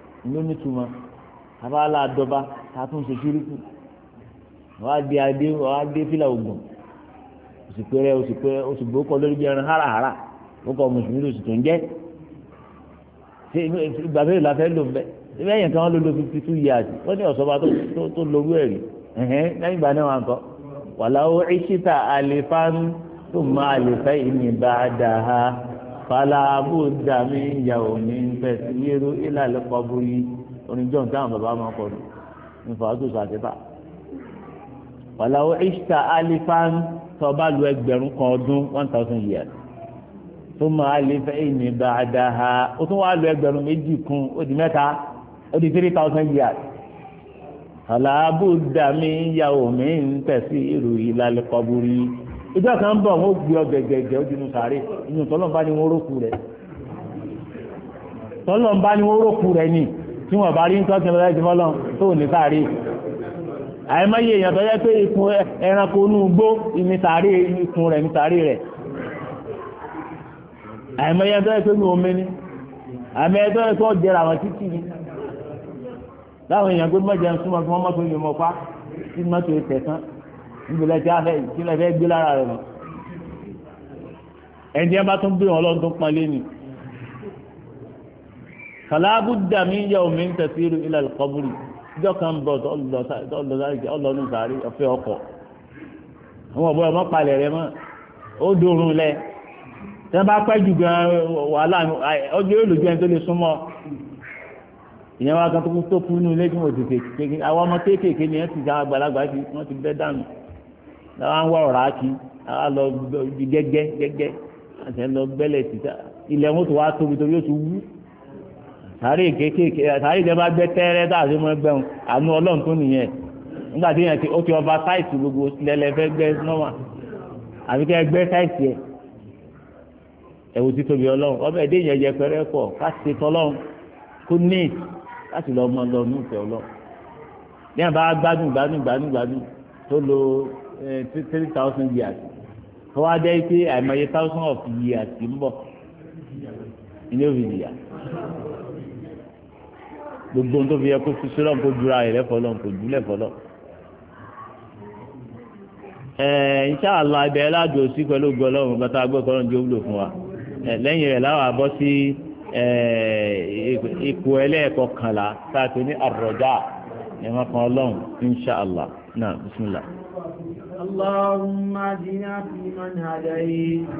ló nítumọ̀ abala àdọba ta tún ṣe kíríkù wàá di adé wàá dé fílà ògùn oṣù péré oṣù péré oṣù gbókọ lórí bí ẹran háràhárà ó kọ mùsùlùmí oṣù tó ń jẹ ìgbà mélòó la fẹ́ lò ń bẹ ibẹ̀ yẹn kan ló lo fifty two years wọ́n ní ọ̀sọ́ba tó lorú ẹ̀rí lẹ́yìn ìgbà náà wà ń kọ́ wàláwó ìṣítà àlefánú tó máa lè fẹ́ ìmì bá fàlà àbúdà mi ń yà ò ní fẹsí yẹrù ilà lẹkọọ bóyí oníjọ́ ní táwọn bàbá máa kọ ní nfààtò sàkẹta. wàláwó ìṣta alifan tọba lu ẹgbẹ̀rún kan ọdún one thousand years tó máa alifẹ ìní bàdà ha ó tún wàá lu ẹgbẹ̀rún méjì kún ó di mẹ́ta ó di three thousand years. fàlà àbúdà mi ń yà ò ní fẹsí yẹrù ilà lẹkọọ bóyí ìjọ kan bọ̀ wọ́n gbé ọ gẹ̀gẹ̀gẹ̀ ó dinú sàárè ìyẹn tọ́lọ́mbá ni wọ́n rókù rẹ̀ tọ́lọ́mbá ni wọ́n rókù rẹ̀ ni tí wọ́n bá rí ń tọ́sí ọlọ́dẹ ti fọ́lọ́ tó ní sàárè àìmọye èèyàn tó yẹ pé ikùn ẹranko inú igbó ìní sàárè ikùn rẹ̀ ní sàárè rẹ̀ àìmọye tó yẹ pé ní omi ni àmì ẹ tó yẹ pé ọjẹ làwọn títì ni láwọn èèyàn gbé mọ́jẹ ń súnmọ́ fún ọmọ tó yẹ mọ́ pa tí mọ́tò ẹ̀ tẹ̀sán ìgbìlẹ̀ tí a fẹ́ ìgbìlẹ̀ fẹ́ gbé lára rẹ̀ nù ẹni tí a bá tún gbé wọn lọ́n tó pọn lé ni. kàlábùdà mi yẹ omi ń tẹ̀síru ilẹ̀ kọ́bùrì ìjọ kan bọ̀ ọlọ́nu sàárì ọ̀fẹ́ ọkọ̀ wọn ò bọ́ ọmọ palẹ̀ rẹ mọ́ ó dòrùn lẹ tí wọn bá pẹ́ jù gan wàhálà ọjọ́ yóò lójú ẹni tó lè súnmọ́ ìyẹn wá kan tó kú nínú ilé tí wọn ò tètè àwọn ọmọ kéékèèké ni wọn ti sá àgbàlagbà ti wọn ti bẹ́ dànù. náà wá ọ̀rá kí náà lọ gẹ́gẹ́ gẹ́gẹ́ àti lọ gbẹ́lẹ̀ ilẹ̀ wọn tó wá tóbi torí ó ti wú sáré kéékèèké sáré ìjẹ́ bá tẹ́rẹ́ tá a ti mọ ẹgbẹ́ wọn àánú ọlọ́run tó nìyẹn nígbà tí yẹn ọba táìsì gbogbo lẹ́lẹ́ fẹ́ nọ́mà àbí kẹ́ táìsì ẹ̀ ẹ̀wù ti tóbi ọlọ́run ọbẹ̀ dé pọ̀ kó ní láti lọ́ọ́ lọ́ọ́ nù three thousand years kọ́ wá dẹ́ pé àìmọye thousand of years ń bọ̀ inú òbí nìyà gbogbo ohun tó fi yẹ kó fi sọ́lọ́n jura rẹ̀ lẹ́fọ̀ọ́lọ́ kò jù lẹ́fọ̀ọ́lọ́ ẹ̀ẹ́ inṣàlá ibẹ̀ ládùn sí pẹ̀lú ògùn ọlọ́run bàtà agbẹ́kọ̀ọ́ náà jẹ́ wúlò fún wa lẹ́yìn rẹ̀ láwọn abọ́ sí ipò ẹlẹ́ẹ̀kọ̀kànlá tá a ti ní àrọ̀dá ẹ̀wọ̀n kan ọlọ́run inṣàlá náà bismillah. اللهم اهدنا فيمن هديت